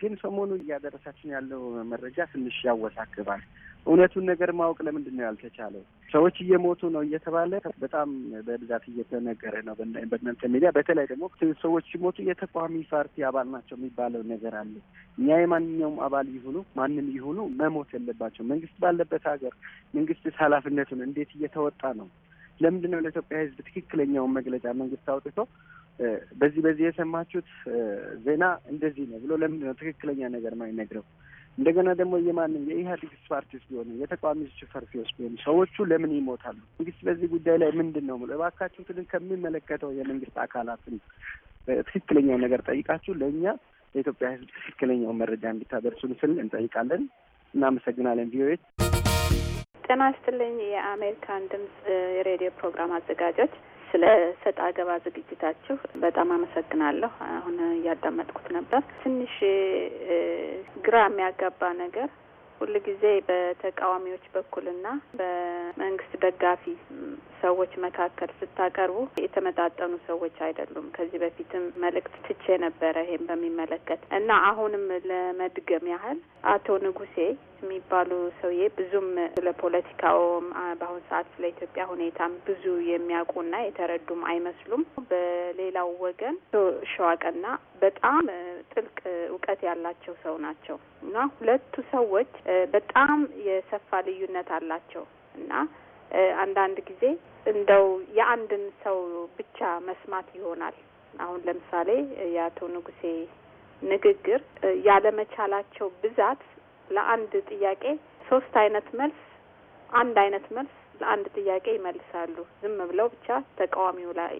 I: ግን ሰሞኑ እያደረሳችን ያለው መረጃ ትንሽ ያወሳክባል። እውነቱን ነገር ማወቅ ለምንድን ነው ያልተቻለው? ሰዎች እየሞቱ ነው እየተባለ በጣም በብዛት እየተነገረ ነው በእናንተ ሚዲያ። በተለይ ደግሞ ሰዎች ሲሞቱ የተቃዋሚ ፓርቲ አባል ናቸው የሚባለው ነገር አለ። እኛ የማንኛውም አባል ይሁኑ ማንም ይሁኑ መሞት የለባቸው። መንግስት ባለበት ሀገር መንግስት ኃላፊነቱን እንዴት እየተወጣ ነው? ለምንድን ነው ለኢትዮጵያ ሕዝብ ትክክለኛውን መግለጫ መንግስት አውጥቶ በዚህ በዚህ የሰማችሁት ዜና እንደዚህ ነው ብሎ ለምንድን ነው ትክክለኛ ነገር ማይነግረው? እንደገና ደግሞ የማንም የኢህአዴግ ፓርቲስ ቢሆኑ የተቃዋሚ ጭፈር ፊዎች ቢሆኑ ሰዎቹ ለምን ይሞታሉ? መንግስት በዚህ ጉዳይ ላይ ምንድን ነው ብሎ እባካችሁ ከሚመለከተው የመንግስት አካላትን ትክክለኛው ነገር ጠይቃችሁ ለእኛ ለኢትዮጵያ ህዝብ ትክክለኛው መረጃ እንዲታደርሱን ስል እንጠይቃለን። እናመሰግናለን ቪኦኤ
J: ጤና ይስጥልኝ። የአሜሪካን ድምጽ የሬዲዮ ፕሮግራም አዘጋጆች ስለ ሰጥ አገባ ዝግጅታችሁ በጣም አመሰግናለሁ። አሁን እያዳመጥኩት ነበር። ትንሽ ግራ የሚያጋባ ነገር ሁል ጊዜ በተቃዋሚዎች በኩልና በመንግስት ደጋፊ ሰዎች መካከል ስታቀርቡ የተመጣጠኑ ሰዎች አይደሉም። ከዚህ በፊትም መልእክት ትቼ ነበረ ይሄን በሚመለከት እና አሁንም ለመድገም ያህል አቶ ንጉሴ የሚባሉ ሰውዬ ብዙም ስለ ፖለቲካውም በአሁን ሰዓት ስለ ኢትዮጵያ ሁኔታም ብዙ የሚያውቁና የተረዱም አይመስሉም። በሌላው ወገን ሸዋቀና በጣም ጥልቅ እውቀት ያላቸው ሰው ናቸው እና ሁለቱ ሰዎች በጣም የሰፋ ልዩነት አላቸው እና አንዳንድ ጊዜ እንደው የአንድን ሰው ብቻ መስማት ይሆናል። አሁን ለምሳሌ የአቶ ንጉሴ ንግግር ያለመቻላቸው ብዛት ለአንድ ጥያቄ ሶስት አይነት መልስ አንድ አይነት መልስ ለአንድ ጥያቄ ይመልሳሉ። ዝም ብለው ብቻ ተቃዋሚው ላይ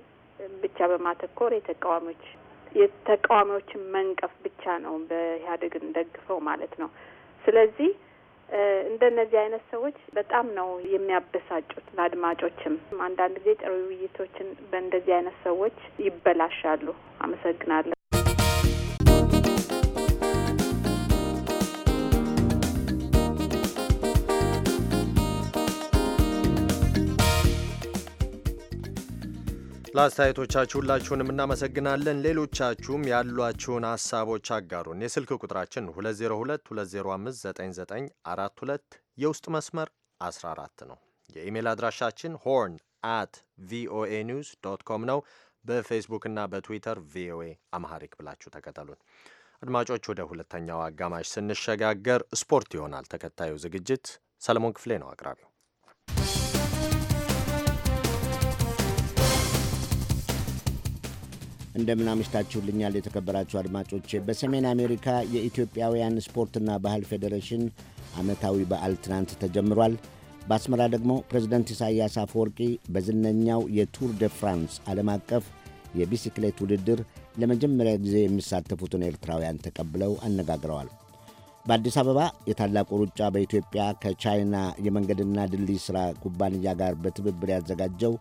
J: ብቻ በማተኮር የተቃዋሚዎች የተቃዋሚዎችን መንቀፍ ብቻ ነው በኢህአዴግን ደግፈው ማለት ነው። ስለዚህ እንደነዚህ አይነት ሰዎች በጣም ነው የሚያበሳጩት። ለአድማጮችም አንዳንድ ጊዜ ጥሩ ውይይቶችን በእንደዚህ አይነት ሰዎች ይበላሻሉ። አመሰግናለሁ።
B: ለአስተያየቶቻችሁ ሁላችሁንም እናመሰግናለን። ሌሎቻችሁም ያሏችሁን ሀሳቦች አጋሩን። የስልክ ቁጥራችን 2022059942 የውስጥ መስመር 14 ነው። የኢሜል አድራሻችን ሆርን አት ቪኦኤ ኒውስ ዶት ኮም ነው። በፌስቡክና በትዊተር ቪኦኤ አምሃሪክ ብላችሁ ተከተሉን። አድማጮች ወደ ሁለተኛው አጋማሽ ስንሸጋገር ስፖርት ይሆናል ተከታዩ ዝግጅት። ሰለሞን ክፍሌ ነው አቅራቢው።
F: እንደምን አምሽታችሁልኛል የተከበራችሁ አድማጮቼ። በሰሜን አሜሪካ የኢትዮጵያውያን ስፖርትና ባህል ፌዴሬሽን ዓመታዊ በዓል ትናንት ተጀምሯል። በአስመራ ደግሞ ፕሬዝደንት ኢሳያስ አፈወርቂ በዝነኛው የቱር ደ ፍራንስ ዓለም አቀፍ የቢስክሌት ውድድር ለመጀመሪያ ጊዜ የሚሳተፉትን ኤርትራውያን ተቀብለው አነጋግረዋል። በአዲስ አበባ የታላቁ ሩጫ በኢትዮጵያ ከቻይና የመንገድና ድልድይ ሥራ ኩባንያ ጋር በትብብር ያዘጋጀው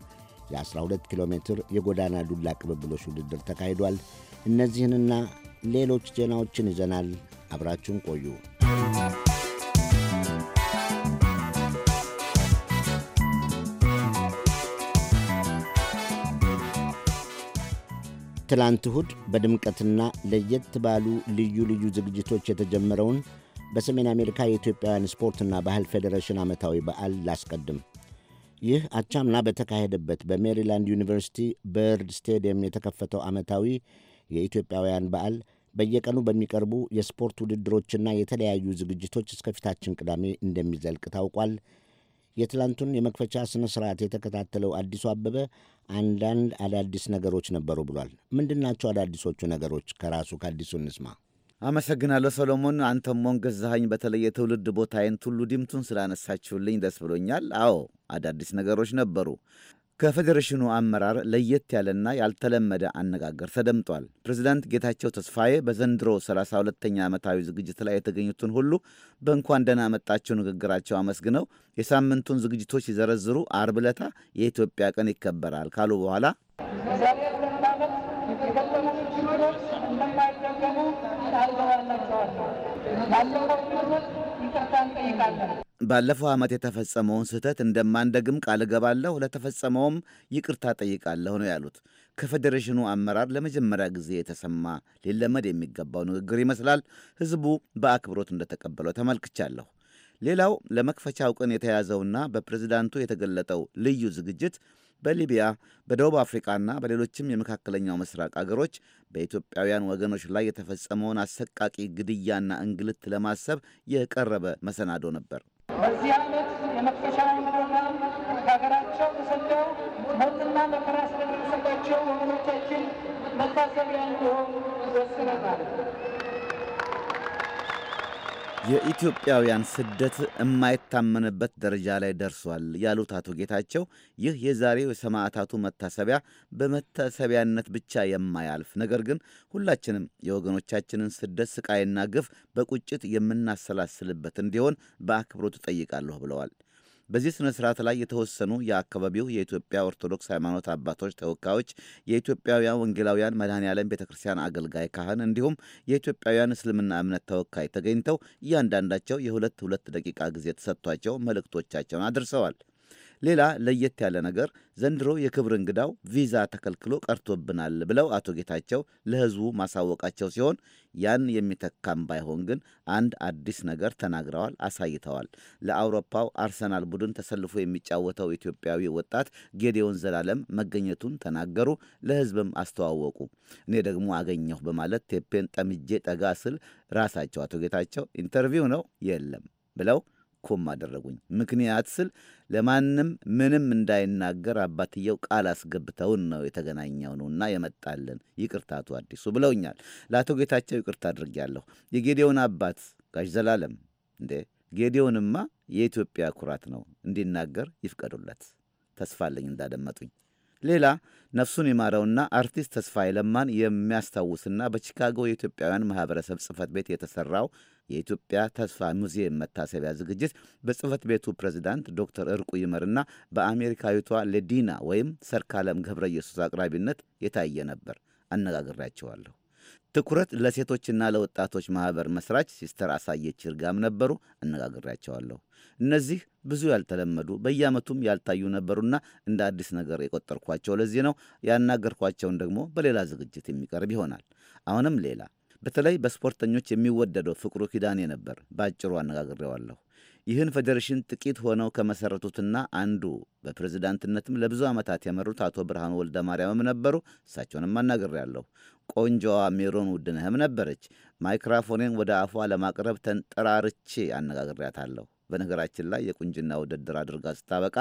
F: የ12 ኪሎ ሜትር የጎዳና ዱላ ቅብብሎች ውድድር ተካሂዷል። እነዚህንና ሌሎች ዜናዎችን ይዘናል። አብራችሁን ቆዩ። ትላንት እሁድ በድምቀትና ለየት ባሉ ልዩ ልዩ ዝግጅቶች የተጀመረውን በሰሜን አሜሪካ የኢትዮጵያውያን ስፖርትና ባህል ፌዴሬሽን ዓመታዊ በዓል ላስቀድም ይህ አቻምና በተካሄደበት በሜሪላንድ ዩኒቨርሲቲ በርድ ስቴዲየም የተከፈተው ዓመታዊ የኢትዮጵያውያን በዓል በየቀኑ በሚቀርቡ የስፖርት ውድድሮችና የተለያዩ ዝግጅቶች ፊታችን ቅዳሜ እንደሚዘልቅ ታውቋል። የትላንቱን የመክፈቻ ሥነ ሥርዓት የተከታተለው አዲሱ አበበ አንዳንድ አዳዲስ ነገሮች ነበሩ ብሏል። ምንድናቸው አዳዲሶቹ ነገሮች?
K: ከራሱ ከአዲሱ እንስማ። አመሰግናለሁ ሰሎሞን። አንተም ሞን ገዛሀኝ በተለይ የትውልድ ቦታዬን ቱሉ ዲምቱን ስላነሳችሁልኝ ደስ ብሎኛል። አዎ አዳዲስ ነገሮች ነበሩ። ከፌዴሬሽኑ አመራር ለየት ያለና ያልተለመደ አነጋገር ተደምጧል። ፕሬዚዳንት ጌታቸው ተስፋዬ በዘንድሮ 32ተኛ ዓመታዊ ዝግጅት ላይ የተገኙትን ሁሉ በእንኳን ደህና መጣችሁ ንግግራቸው አመስግነው የሳምንቱን ዝግጅቶች ሲዘረዝሩ አርብ ዕለታ የኢትዮጵያ ቀን ይከበራል ካሉ በኋላ
J: ቃል ይቅርታ
K: እንጠይቃለን። ባለፈው ዓመት የተፈጸመውን ስህተት እንደማንደግም ቃል እገባለሁ፣ ለተፈጸመውም ይቅርታ ጠይቃለሁ ነው ያሉት። ከፌዴሬሽኑ አመራር ለመጀመሪያ ጊዜ የተሰማ ሊለመድ የሚገባው ንግግር ይመስላል። ህዝቡ በአክብሮት እንደተቀበለው ተመልክቻለሁ። ሌላው ለመክፈቻው ቀን የተያዘውና በፕሬዝዳንቱ የተገለጠው ልዩ ዝግጅት በሊቢያ በደቡብ አፍሪቃና በሌሎችም የመካከለኛው ምስራቅ አገሮች በኢትዮጵያውያን ወገኖች ላይ የተፈጸመውን አሰቃቂ ግድያና እንግልት ለማሰብ የቀረበ መሰናዶ ነበር።
G: በዚህ ዓመት የመክፈቻውን ፕሮግራም ከሀገራቸው ተሰደው
I: ሞትና መከራ ስለደረሰባቸው ወገኖቻችን መታሰቢያ እንዲሆን ወስነናል።
K: የኢትዮጵያውያን ስደት የማይታመንበት ደረጃ ላይ ደርሷል ያሉት አቶ ጌታቸው ይህ የዛሬው የሰማዕታቱ መታሰቢያ በመታሰቢያነት ብቻ የማያልፍ ነገር ግን ሁላችንም የወገኖቻችንን ስደት ስቃይና ግፍ በቁጭት የምናሰላስልበት እንዲሆን በአክብሮት እጠይቃለሁ ብለዋል። በዚህ ስነ ስርዓት ላይ የተወሰኑ የአካባቢው የኢትዮጵያ ኦርቶዶክስ ሃይማኖት አባቶች ተወካዮች፣ የኢትዮጵያውያን ወንጌላውያን መድኃኔ ዓለም ቤተ ክርስቲያን አገልጋይ ካህን እንዲሁም የኢትዮጵያውያን እስልምና እምነት ተወካይ ተገኝተው እያንዳንዳቸው የሁለት ሁለት ደቂቃ ጊዜ ተሰጥቷቸው መልእክቶቻቸውን አድርሰዋል። ሌላ ለየት ያለ ነገር ዘንድሮ የክብር እንግዳው ቪዛ ተከልክሎ ቀርቶብናል ብለው አቶ ጌታቸው ለሕዝቡ ማሳወቃቸው ሲሆን ያን የሚተካም ባይሆን ግን አንድ አዲስ ነገር ተናግረዋል፣ አሳይተዋል። ለአውሮፓው አርሰናል ቡድን ተሰልፎ የሚጫወተው ኢትዮጵያዊ ወጣት ጌዲዮን ዘላለም መገኘቱን ተናገሩ፣ ለሕዝብም አስተዋወቁ። እኔ ደግሞ አገኘሁ በማለት ቴፔን ጠምጄ ጠጋ ስል ራሳቸው አቶ ጌታቸው ኢንተርቪው ነው የለም ብለው ኮም አደረጉኝ። ምክንያት ስል ለማንም ምንም እንዳይናገር አባትየው ቃል አስገብተውን ነው የተገናኘው ነውና የመጣልን ይቅርታቱ አዲሱ ብለውኛል። ለአቶ ጌታቸው ይቅርታ አድርጌያለሁ። የጌዴዮን አባት ጋሽ ዘላለም እንዴ ጌዴዮንማ የኢትዮጵያ ኩራት ነው እንዲናገር ይፍቀዱለት። ተስፋለኝ እንዳደመጡኝ። ሌላ ነፍሱን ይማረውና አርቲስት ተስፋዬ ለማን የሚያስታውስና በቺካጎ የኢትዮጵያውያን ማህበረሰብ ጽህፈት ቤት የተሰራው የኢትዮጵያ ተስፋ ሙዚየም መታሰቢያ ዝግጅት በጽህፈት ቤቱ ፕሬዚዳንት ዶክተር እርቁ ይመርና በአሜሪካዊቷ ሌዲና ወይም ሰርካለም ገብረ ኢየሱስ አቅራቢነት የታየ ነበር። አነጋግሬያቸዋለሁ። ትኩረት ለሴቶችና ለወጣቶች ማህበር መስራች ሲስተር አሳየች ይርጋም ነበሩ። አነጋግሬያቸዋለሁ። እነዚህ ብዙ ያልተለመዱ በየዓመቱም ያልታዩ ነበሩና እንደ አዲስ ነገር የቆጠርኳቸው ለዚህ ነው። ያናገርኳቸውን ደግሞ በሌላ ዝግጅት የሚቀርብ ይሆናል። አሁንም ሌላ በተለይ በስፖርተኞች የሚወደደው ፍቅሩ ኪዳኔ ነበር። በአጭሩ አነጋግሬዋለሁ። ይህን ፌዴሬሽን ጥቂት ሆነው ከመሠረቱትና አንዱ በፕሬዝዳንትነትም ለብዙ ዓመታት የመሩት አቶ ብርሃኑ ወልደ ማርያምም ነበሩ። እሳቸውንም አናግሬያለሁ። ቆንጆዋ ሜሮን ውድነህም ነበረች። ማይክራፎኔን ወደ አፏ ለማቅረብ ተንጠራርቼ አነጋግሬያታለሁ። በነገራችን ላይ የቁንጅና ውድድር አድርጋ ስታበቃ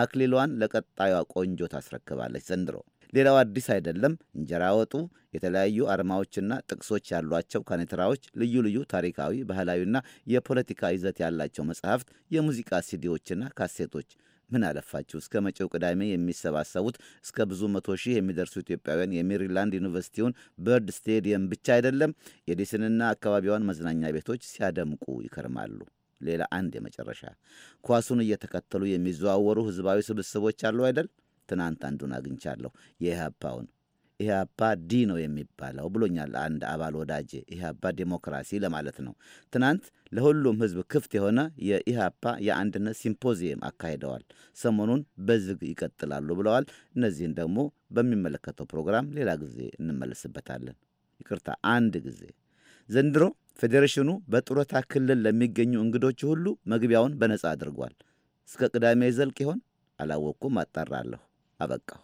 K: አክሊሏን ለቀጣዩዋ ቆንጆ ታስረክባለች ዘንድሮ። ሌላው አዲስ አይደለም። እንጀራ ወጡ፣ የተለያዩ አርማዎችና ጥቅሶች ያሏቸው ካኔትራዎች፣ ልዩ ልዩ ታሪካዊ፣ ባህላዊና የፖለቲካ ይዘት ያላቸው መጽሐፍት፣ የሙዚቃ ሲዲዎችና ካሴቶች ምን አለፋችሁ እስከ መጪው ቅዳሜ የሚሰባሰቡት እስከ ብዙ መቶ ሺህ የሚደርሱ ኢትዮጵያውያን የሜሪላንድ ዩኒቨርሲቲውን በርድ ስቴዲየም ብቻ አይደለም የዲስንና አካባቢዋን መዝናኛ ቤቶች ሲያደምቁ ይከርማሉ። ሌላ አንድ የመጨረሻ ኳሱን እየተከተሉ የሚዘዋወሩ ህዝባዊ ስብስቦች አሉ አይደል? ትናንት አንዱን አግኝቻለሁ። የኢህአፓውን ኢህአፓ ዲ ነው የሚባለው ብሎኛል አንድ አባል ወዳጄ። ኢህአፓ ዴሞክራሲ ለማለት ነው። ትናንት ለሁሉም ህዝብ ክፍት የሆነ የኢህአፓ የአንድነት ሲምፖዚየም አካሂደዋል። ሰሞኑን በዝግ ይቀጥላሉ ብለዋል። እነዚህን ደግሞ በሚመለከተው ፕሮግራም ሌላ ጊዜ እንመለስበታለን። ይቅርታ፣ አንድ ጊዜ ዘንድሮ ፌዴሬሽኑ በጡረታ ክልል ለሚገኙ እንግዶች ሁሉ መግቢያውን በነጻ አድርጓል። እስከ ቅዳሜ ይዘልቅ ይሆን? አላወቅኩም። አጣራለሁ።
F: አበቃሁ።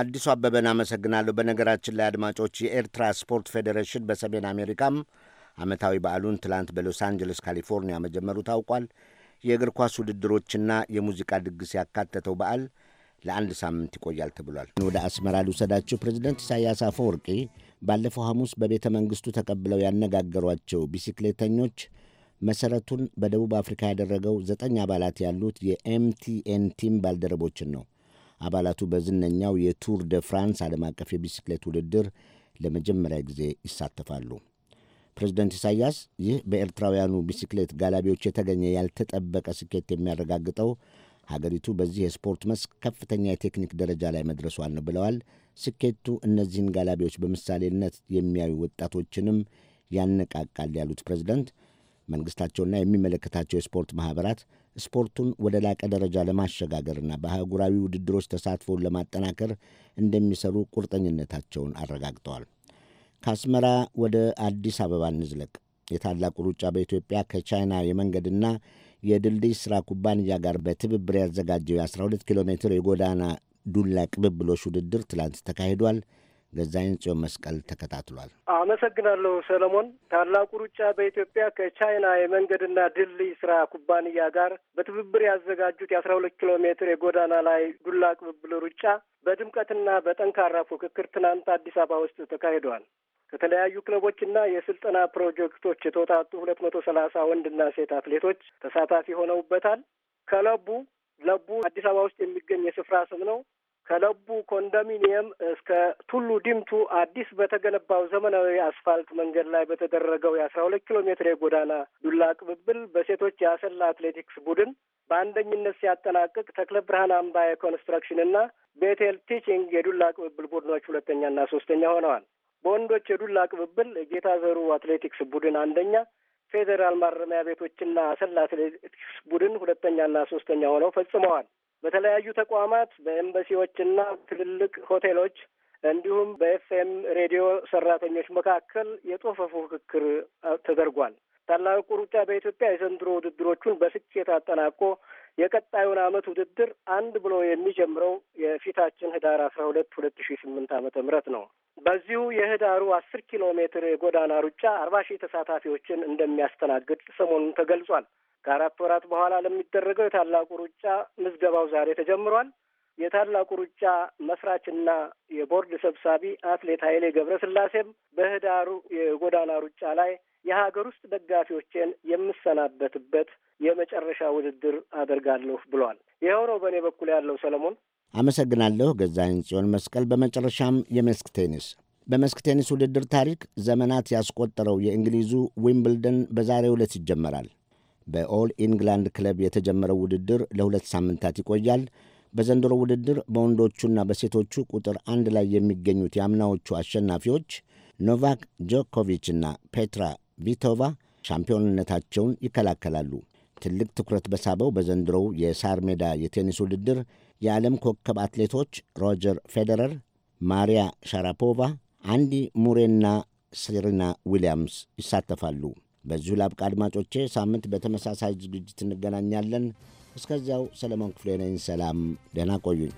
F: አዲሱ አበበን አመሰግናለሁ። በነገራችን ላይ አድማጮች የኤርትራ ስፖርት ፌዴሬሽን በሰሜን አሜሪካም ዓመታዊ በዓሉን ትላንት በሎስ አንጀለስ ካሊፎርኒያ መጀመሩ ታውቋል። የእግር ኳስ ውድድሮችና የሙዚቃ ድግስ ያካተተው በዓል ለአንድ ሳምንት ይቆያል ተብሏል። ወደ አስመራ ልውሰዳችሁ። ፕሬዚደንት ኢሳያስ አፈወርቂ ባለፈው ሐሙስ በቤተ መንግሥቱ ተቀብለው ያነጋገሯቸው ቢሲክሌተኞች መሠረቱን በደቡብ አፍሪካ ያደረገው ዘጠኝ አባላት ያሉት የኤምቲኤን ቲም ባልደረቦችን ነው። አባላቱ በዝነኛው የቱር ደ ፍራንስ ዓለም አቀፍ የቢስክሌት ውድድር ለመጀመሪያ ጊዜ ይሳተፋሉ። ፕሬዚደንት ኢሳያስ ይህ በኤርትራውያኑ ቢስክሌት ጋላቢዎች የተገኘ ያልተጠበቀ ስኬት የሚያረጋግጠው ሀገሪቱ በዚህ የስፖርት መስክ ከፍተኛ የቴክኒክ ደረጃ ላይ መድረሷን ነው ብለዋል። ስኬቱ እነዚህን ጋላቢዎች በምሳሌነት የሚያዩ ወጣቶችንም ያነቃቃል ያሉት ፕሬዚደንት መንግስታቸውና የሚመለከታቸው የስፖርት ማኅበራት ስፖርቱን ወደ ላቀ ደረጃ ለማሸጋገርና በአህጉራዊ ውድድሮች ተሳትፎውን ለማጠናከር እንደሚሰሩ ቁርጠኝነታቸውን አረጋግጠዋል። ከአስመራ ወደ አዲስ አበባ እንዝለቅ። የታላቁ ሩጫ በኢትዮጵያ ከቻይና የመንገድና የድልድይ ሥራ ኩባንያ ጋር በትብብር ያዘጋጀው የ12 ኪሎ ሜትር የጎዳና ዱላ ቅብብሎሽ ውድድር ትላንት ተካሂዷል። ገዛይን ጽዮን መስቀል ተከታትሏል።
I: አመሰግናለሁ ሰለሞን። ታላቁ ሩጫ በኢትዮጵያ ከቻይና የመንገድና ድልድይ ስራ ኩባንያ ጋር በትብብር ያዘጋጁት የአስራ ሁለት ኪሎ ሜትር የጎዳና ላይ ዱላ ቅብብል ሩጫ በድምቀትና በጠንካራ ፉክክር ትናንት አዲስ አበባ ውስጥ ተካሂደዋል። ከተለያዩ ክለቦችና የስልጠና ፕሮጀክቶች የተውጣጡ ሁለት መቶ ሰላሳ ወንድና ሴት አትሌቶች ተሳታፊ ሆነውበታል። ከለቡ ለቡ አዲስ አበባ ውስጥ የሚገኝ የስፍራ ስም ነው። ከለቡ ኮንዶሚኒየም እስከ ቱሉ ዲምቱ አዲስ በተገነባው ዘመናዊ አስፋልት መንገድ ላይ በተደረገው የአስራ ሁለት ኪሎ ሜትር የጎዳና ዱላ ቅብብል በሴቶች የአሰላ አትሌቲክስ ቡድን በአንደኝነት ሲያጠናቅቅ ተክለ ብርሃን አምባ የኮንስትራክሽን እና ቤቴል ቲችንግ የዱላ ቅብብል ቡድኖች ሁለተኛና ሶስተኛ ሆነዋል። በወንዶች የዱላ ቅብብል ጌታ ዘሩ አትሌቲክስ ቡድን አንደኛ፣ ፌዴራል ማረሚያ ቤቶችና አሰላ አትሌቲክስ ቡድን ሁለተኛና ሶስተኛ ሆነው ፈጽመዋል። በተለያዩ ተቋማት በኤምባሲዎችና ትልልቅ ሆቴሎች እንዲሁም በኤፍኤም ሬዲዮ ሰራተኞች መካከል የጦፈ ፉክክር ተደርጓል። ታላቁ ሩጫ በኢትዮጵያ የዘንድሮ ውድድሮቹን በስኬት አጠናቆ የቀጣዩን ዓመት ውድድር አንድ ብሎ የሚጀምረው የፊታችን ህዳር አስራ ሁለት ሁለት ሺ ስምንት ዓመተ ምህረት ነው። በዚሁ የህዳሩ አስር ኪሎ ሜትር የጎዳና ሩጫ አርባ ሺህ ተሳታፊዎችን እንደሚያስተናግድ ሰሞኑን ተገልጿል። ከአራት ወራት በኋላ ለሚደረገው የታላቁ ሩጫ ምዝገባው ዛሬ ተጀምሯል። የታላቁ ሩጫ መስራችና የቦርድ ሰብሳቢ አትሌት ኃይሌ ገብረስላሴም በህዳሩ የጎዳና ሩጫ ላይ የሀገር ውስጥ ደጋፊዎቼን የምሰናበትበት የመጨረሻ ውድድር አደርጋለሁ ብሏል። ይኸው ነው በእኔ በኩል ያለው። ሰለሞን
F: አመሰግናለሁ። ገዛኸኝ ጽዮን መስቀል። በመጨረሻም የመስክ ቴኒስ በመስክ ቴኒስ ውድድር ታሪክ ዘመናት ያስቆጠረው የእንግሊዙ ዊምብልደን በዛሬው ዕለት ይጀመራል። በኦል ኢንግላንድ ክለብ የተጀመረው ውድድር ለሁለት ሳምንታት ይቆያል። በዘንድሮ ውድድር በወንዶቹና በሴቶቹ ቁጥር አንድ ላይ የሚገኙት የአምናዎቹ አሸናፊዎች ኖቫክ ጆኮቪችና ፔትራ ቪቶቫ ሻምፒዮንነታቸውን ይከላከላሉ። ትልቅ ትኩረት በሳበው በዘንድሮው የሳር ሜዳ የቴኒስ ውድድር የዓለም ኮከብ አትሌቶች ሮጀር ፌዴረር፣ ማሪያ ሻራፖቫ፣ አንዲ ሙሬና ሴሪና ዊሊያምስ ይሳተፋሉ። በዚሁ ላብቃ። አድማጮቼ፣ ሳምንት በተመሳሳይ ዝግጅት እንገናኛለን። እስከዚያው ሰለሞን ክፍሌ ነኝ። ሰላም፣ ደህና ቆዩኝ።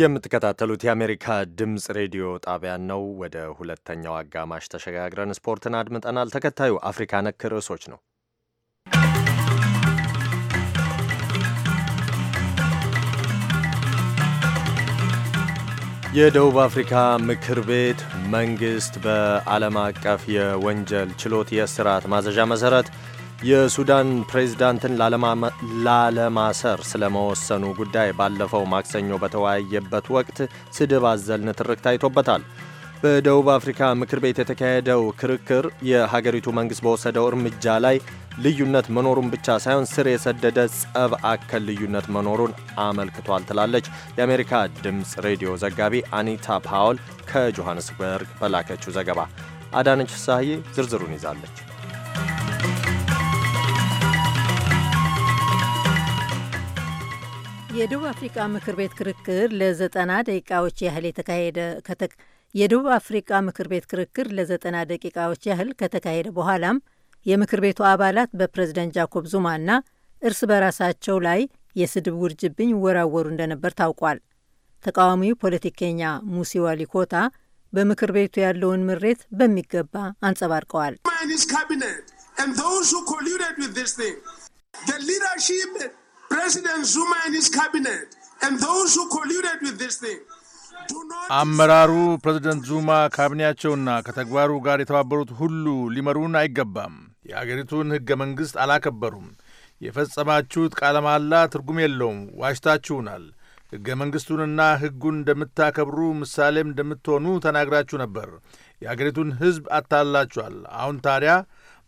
B: የምትከታተሉት የአሜሪካ ድምፅ ሬዲዮ ጣቢያን ነው። ወደ ሁለተኛው አጋማሽ ተሸጋግረን ስፖርትን አድምጠናል። ተከታዩ አፍሪካ ነክ ርዕሶች ነው። የደቡብ አፍሪካ ምክር ቤት መንግሥት በዓለም አቀፍ የወንጀል ችሎት የእስራት ማዘዣ መሠረት የሱዳን ፕሬዝዳንትን ላለማሰር ስለመወሰኑ ጉዳይ ባለፈው ማክሰኞ በተወያየበት ወቅት ስድብ አዘል ንትርክ ታይቶበታል። በደቡብ አፍሪካ ምክር ቤት የተካሄደው ክርክር የሀገሪቱ መንግሥት በወሰደው እርምጃ ላይ ልዩነት መኖሩን ብቻ ሳይሆን ስር የሰደደ ጸብ አከል ልዩነት መኖሩን አመልክቷል ትላለች የአሜሪካ ድምፅ ሬዲዮ ዘጋቢ አኒታ ፓውል ከጆሐንስበርግ በላከችው ዘገባ። አዳነች ፍሳሐዬ ዝርዝሩን ይዛለች።
D: የደቡብ አፍሪካ ምክር ቤት ክርክር ለዘጠና ደቂቃዎች ያህል የተካሄደ የደቡብ አፍሪቃ ምክር ቤት ክርክር ለዘጠና ደቂቃዎች ያህል ከተካሄደ በኋላም የምክር ቤቱ አባላት በፕሬዝደንት ጃኮብ ዙማና እርስ በራሳቸው ላይ የስድብ ውርጅብኝ ይወራወሩ እንደነበር ታውቋል። ተቃዋሚው ፖለቲከኛ ሙሲዋሊ ኮታ በምክር ቤቱ ያለውን ምሬት በሚገባ አንጸባርቀዋል።
G: ፕሬዚደንት ዙማ አመራሩ ፕሬዝደንት ዙማ ካቢኔያቸውና ከተግባሩ ጋር የተባበሩት ሁሉ ሊመሩን አይገባም። የአገሪቱን ሕገ መንግሥት አላከበሩም። የፈጸማችሁት ቃለ መሐላ ትርጉም የለውም። ዋሽታችሁናል። ሕገ መንግሥቱንና ሕጉን እንደምታከብሩ ምሳሌም እንደምትሆኑ ተናግራችሁ ነበር። የአገሪቱን ሕዝብ አታላችኋል። አሁን ታዲያ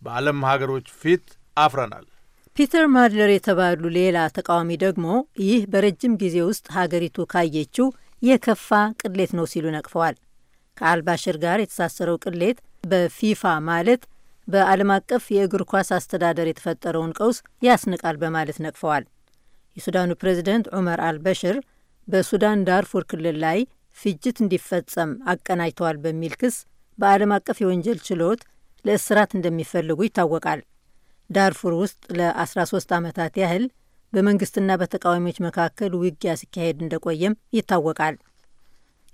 G: በዓለም ሀገሮች ፊት አፍረናል።
D: ፒተር ማድለር የተባሉ ሌላ ተቃዋሚ ደግሞ ይህ በረጅም ጊዜ ውስጥ ሀገሪቱ ካየችው የከፋ ቅሌት ነው ሲሉ ነቅፈዋል። ከአልባሽር ጋር የተሳሰረው ቅሌት በፊፋ ማለት በዓለም አቀፍ የእግር ኳስ አስተዳደር የተፈጠረውን ቀውስ ያስንቃል በማለት ነቅፈዋል። የሱዳኑ ፕሬዚደንት ዑመር አልበሽር በሱዳን ዳርፉር ክልል ላይ ፍጅት እንዲፈጸም አቀናጅተዋል በሚል ክስ በዓለም አቀፍ የወንጀል ችሎት ለእስራት እንደሚፈልጉ ይታወቃል። ዳርፉር ውስጥ ለ13 ዓመታት ያህል በመንግስትና በተቃዋሚዎች መካከል ውጊያ ሲካሄድ እንደቆየም ይታወቃል።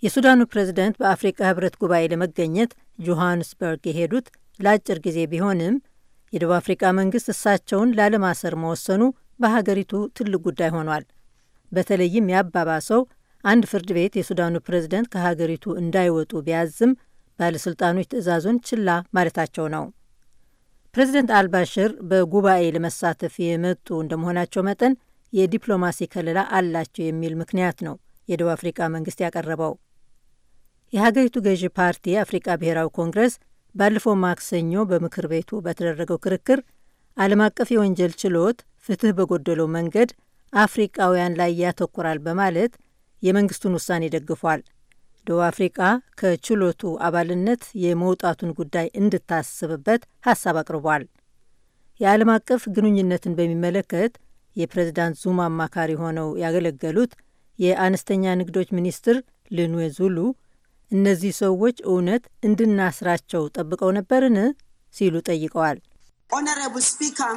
D: የሱዳኑ ፕሬዝደንት በአፍሪካ ህብረት ጉባኤ ለመገኘት ጆሃንስበርግ የሄዱት ለአጭር ጊዜ ቢሆንም የደቡብ አፍሪካ መንግስት እሳቸውን ላለማሰር መወሰኑ በሀገሪቱ ትልቅ ጉዳይ ሆኗል። በተለይም ያባባሰው አንድ ፍርድ ቤት የሱዳኑ ፕሬዝደንት ከሀገሪቱ እንዳይወጡ ቢያዝም ባለሥልጣኖች ትዕዛዙን ችላ ማለታቸው ነው። ፕሬዚደንት አልባሽር በጉባኤ ለመሳተፍ የመጡ እንደመሆናቸው መጠን የዲፕሎማሲ ከለላ አላቸው የሚል ምክንያት ነው የደቡብ አፍሪካ መንግስት ያቀረበው። የሀገሪቱ ገዢ ፓርቲ የአፍሪቃ ብሔራዊ ኮንግረስ ባለፈው ማክሰኞ በምክር ቤቱ በተደረገው ክርክር ዓለም አቀፍ የወንጀል ችሎት ፍትህ በጎደለው መንገድ አፍሪቃውያን ላይ ያተኩራል በማለት የመንግስቱን ውሳኔ ደግፏል። ደቡብ አፍሪቃ ከችሎቱ አባልነት የመውጣቱን ጉዳይ እንድታስብበት ሀሳብ አቅርቧል። የዓለም አቀፍ ግንኙነትን በሚመለከት የፕሬዝዳንት ዙማ አማካሪ ሆነው ያገለገሉት የአነስተኛ ንግዶች ሚኒስትር ልንዌ ዙሉ እነዚህ ሰዎች እውነት እንድናስራቸው ጠብቀው ነበርን
C: ሲሉ ጠይቀዋል። ኦነረብል ስፒከር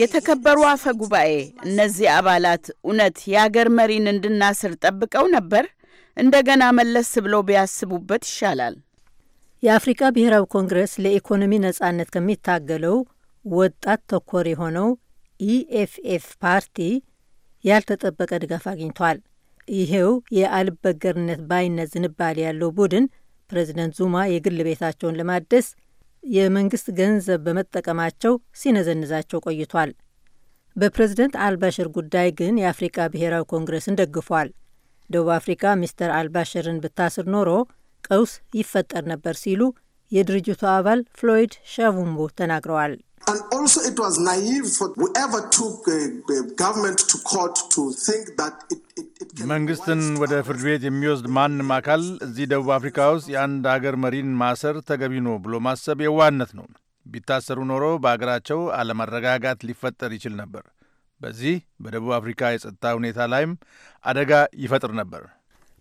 C: የተከበሩ አፈ ጉባኤ፣ እነዚህ አባላት እውነት የአገር መሪን እንድናስር ጠብቀው ነበር? እንደገና መለስ ብለው ቢያስቡበት ይሻላል።
D: የአፍሪቃ ብሔራዊ ኮንግረስ ለኢኮኖሚ ነጻነት ከሚታገለው ወጣት ተኮር የሆነው ኢኤፍኤፍ e ፓርቲ ያልተጠበቀ ድጋፍ አግኝቷል። ይሄው የአልበገርነት ባይነት ዝንባሌ ያለው ቡድን ፕሬዚደንት ዙማ የግል ቤታቸውን ለማደስ የመንግስት ገንዘብ በመጠቀማቸው ሲነዘንዛቸው ቆይቷል። በፕሬዝደንት አልባሽር ጉዳይ ግን የአፍሪካ ብሔራዊ ኮንግረስን ደግፏል። ደቡብ አፍሪካ ሚስተር አልባሽርን ብታስር ኖሮ ቀውስ ይፈጠር ነበር ሲሉ የድርጅቱ አባል ፍሎይድ ሻቮምቦ ተናግረዋል።
G: And also, it was naive for whoever took uh, the government to court to think that it መንግስትን ወደ ፍርድ ቤት የሚወስድ ማንም አካል እዚህ ደቡብ አፍሪካ ውስጥ የአንድ አገር መሪን ማሰር ተገቢ ነው ብሎ ማሰብ የዋነት ነው። ቢታሰሩ ኖሮ በአገራቸው አለመረጋጋት ሊፈጠር ይችል ነበር። በዚህ በደቡብ አፍሪካ የጸጥታ ሁኔታ ላይም አደጋ ይፈጥር ነበር።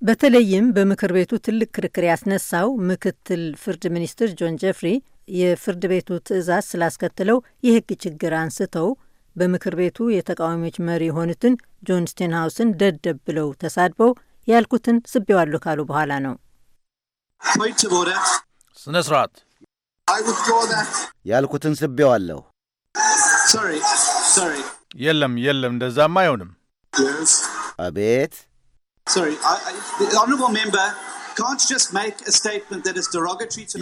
D: በተለይም በምክር ቤቱ ትልቅ ክርክር ያስነሳው ምክትል ፍርድ ሚኒስትር ጆን ጀፍሪ የፍርድ ቤቱ ትዕዛዝ ስላስከተለው የህግ ችግር አንስተው በምክር ቤቱ የተቃዋሚዎች መሪ የሆኑትን ጆን ስቴንሃውስን ደደብ ብለው ተሳድበው ያልኩትን ስቤዋሉ ካሉ በኋላ ነው።
G: ስነ ስርዓት ያልኩትን ስቤዋለሁ። የለም የለም፣ እንደዛም አይሆንም። አቤት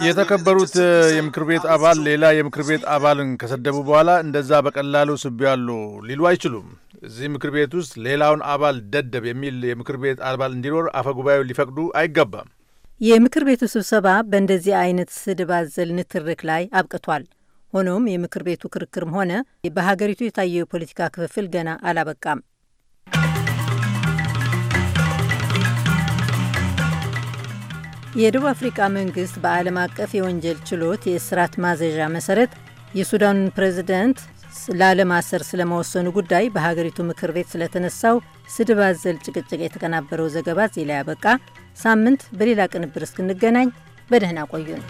G: የተከበሩት uh, የምክር ቤት አባል ሌላ የምክር ቤት አባልን ከሰደቡ በኋላ እንደዛ በቀላሉ ስቢያሉ ሊሉ አይችሉም። እዚህ ምክር ቤት ውስጥ ሌላውን አባል ደደብ የሚል የምክር ቤት አባል እንዲኖር አፈጉባኤው ሊፈቅዱ አይገባም።
D: የምክር ቤቱ ስብሰባ በእንደዚህ አይነት ስድብ አዘል ንትርክ ላይ አብቅቷል። ሆኖም የምክር ቤቱ ክርክርም ሆነ በሀገሪቱ የታየው የፖለቲካ ክፍፍል ገና አላበቃም። የደቡብ አፍሪቃ መንግስት በዓለም አቀፍ የወንጀል ችሎት የእስራት ማዘዣ መሰረት የሱዳኑን ፕሬዝደንት ላለማሰር ስለመወሰኑ ጉዳይ በሀገሪቱ ምክር ቤት ስለተነሳው ስድብ አዘል ጭቅጭቅ የተቀናበረው ዘገባ እዚህ ላይ ያበቃ። ሳምንት በሌላ ቅንብር እስክንገናኝ በደህና ነው።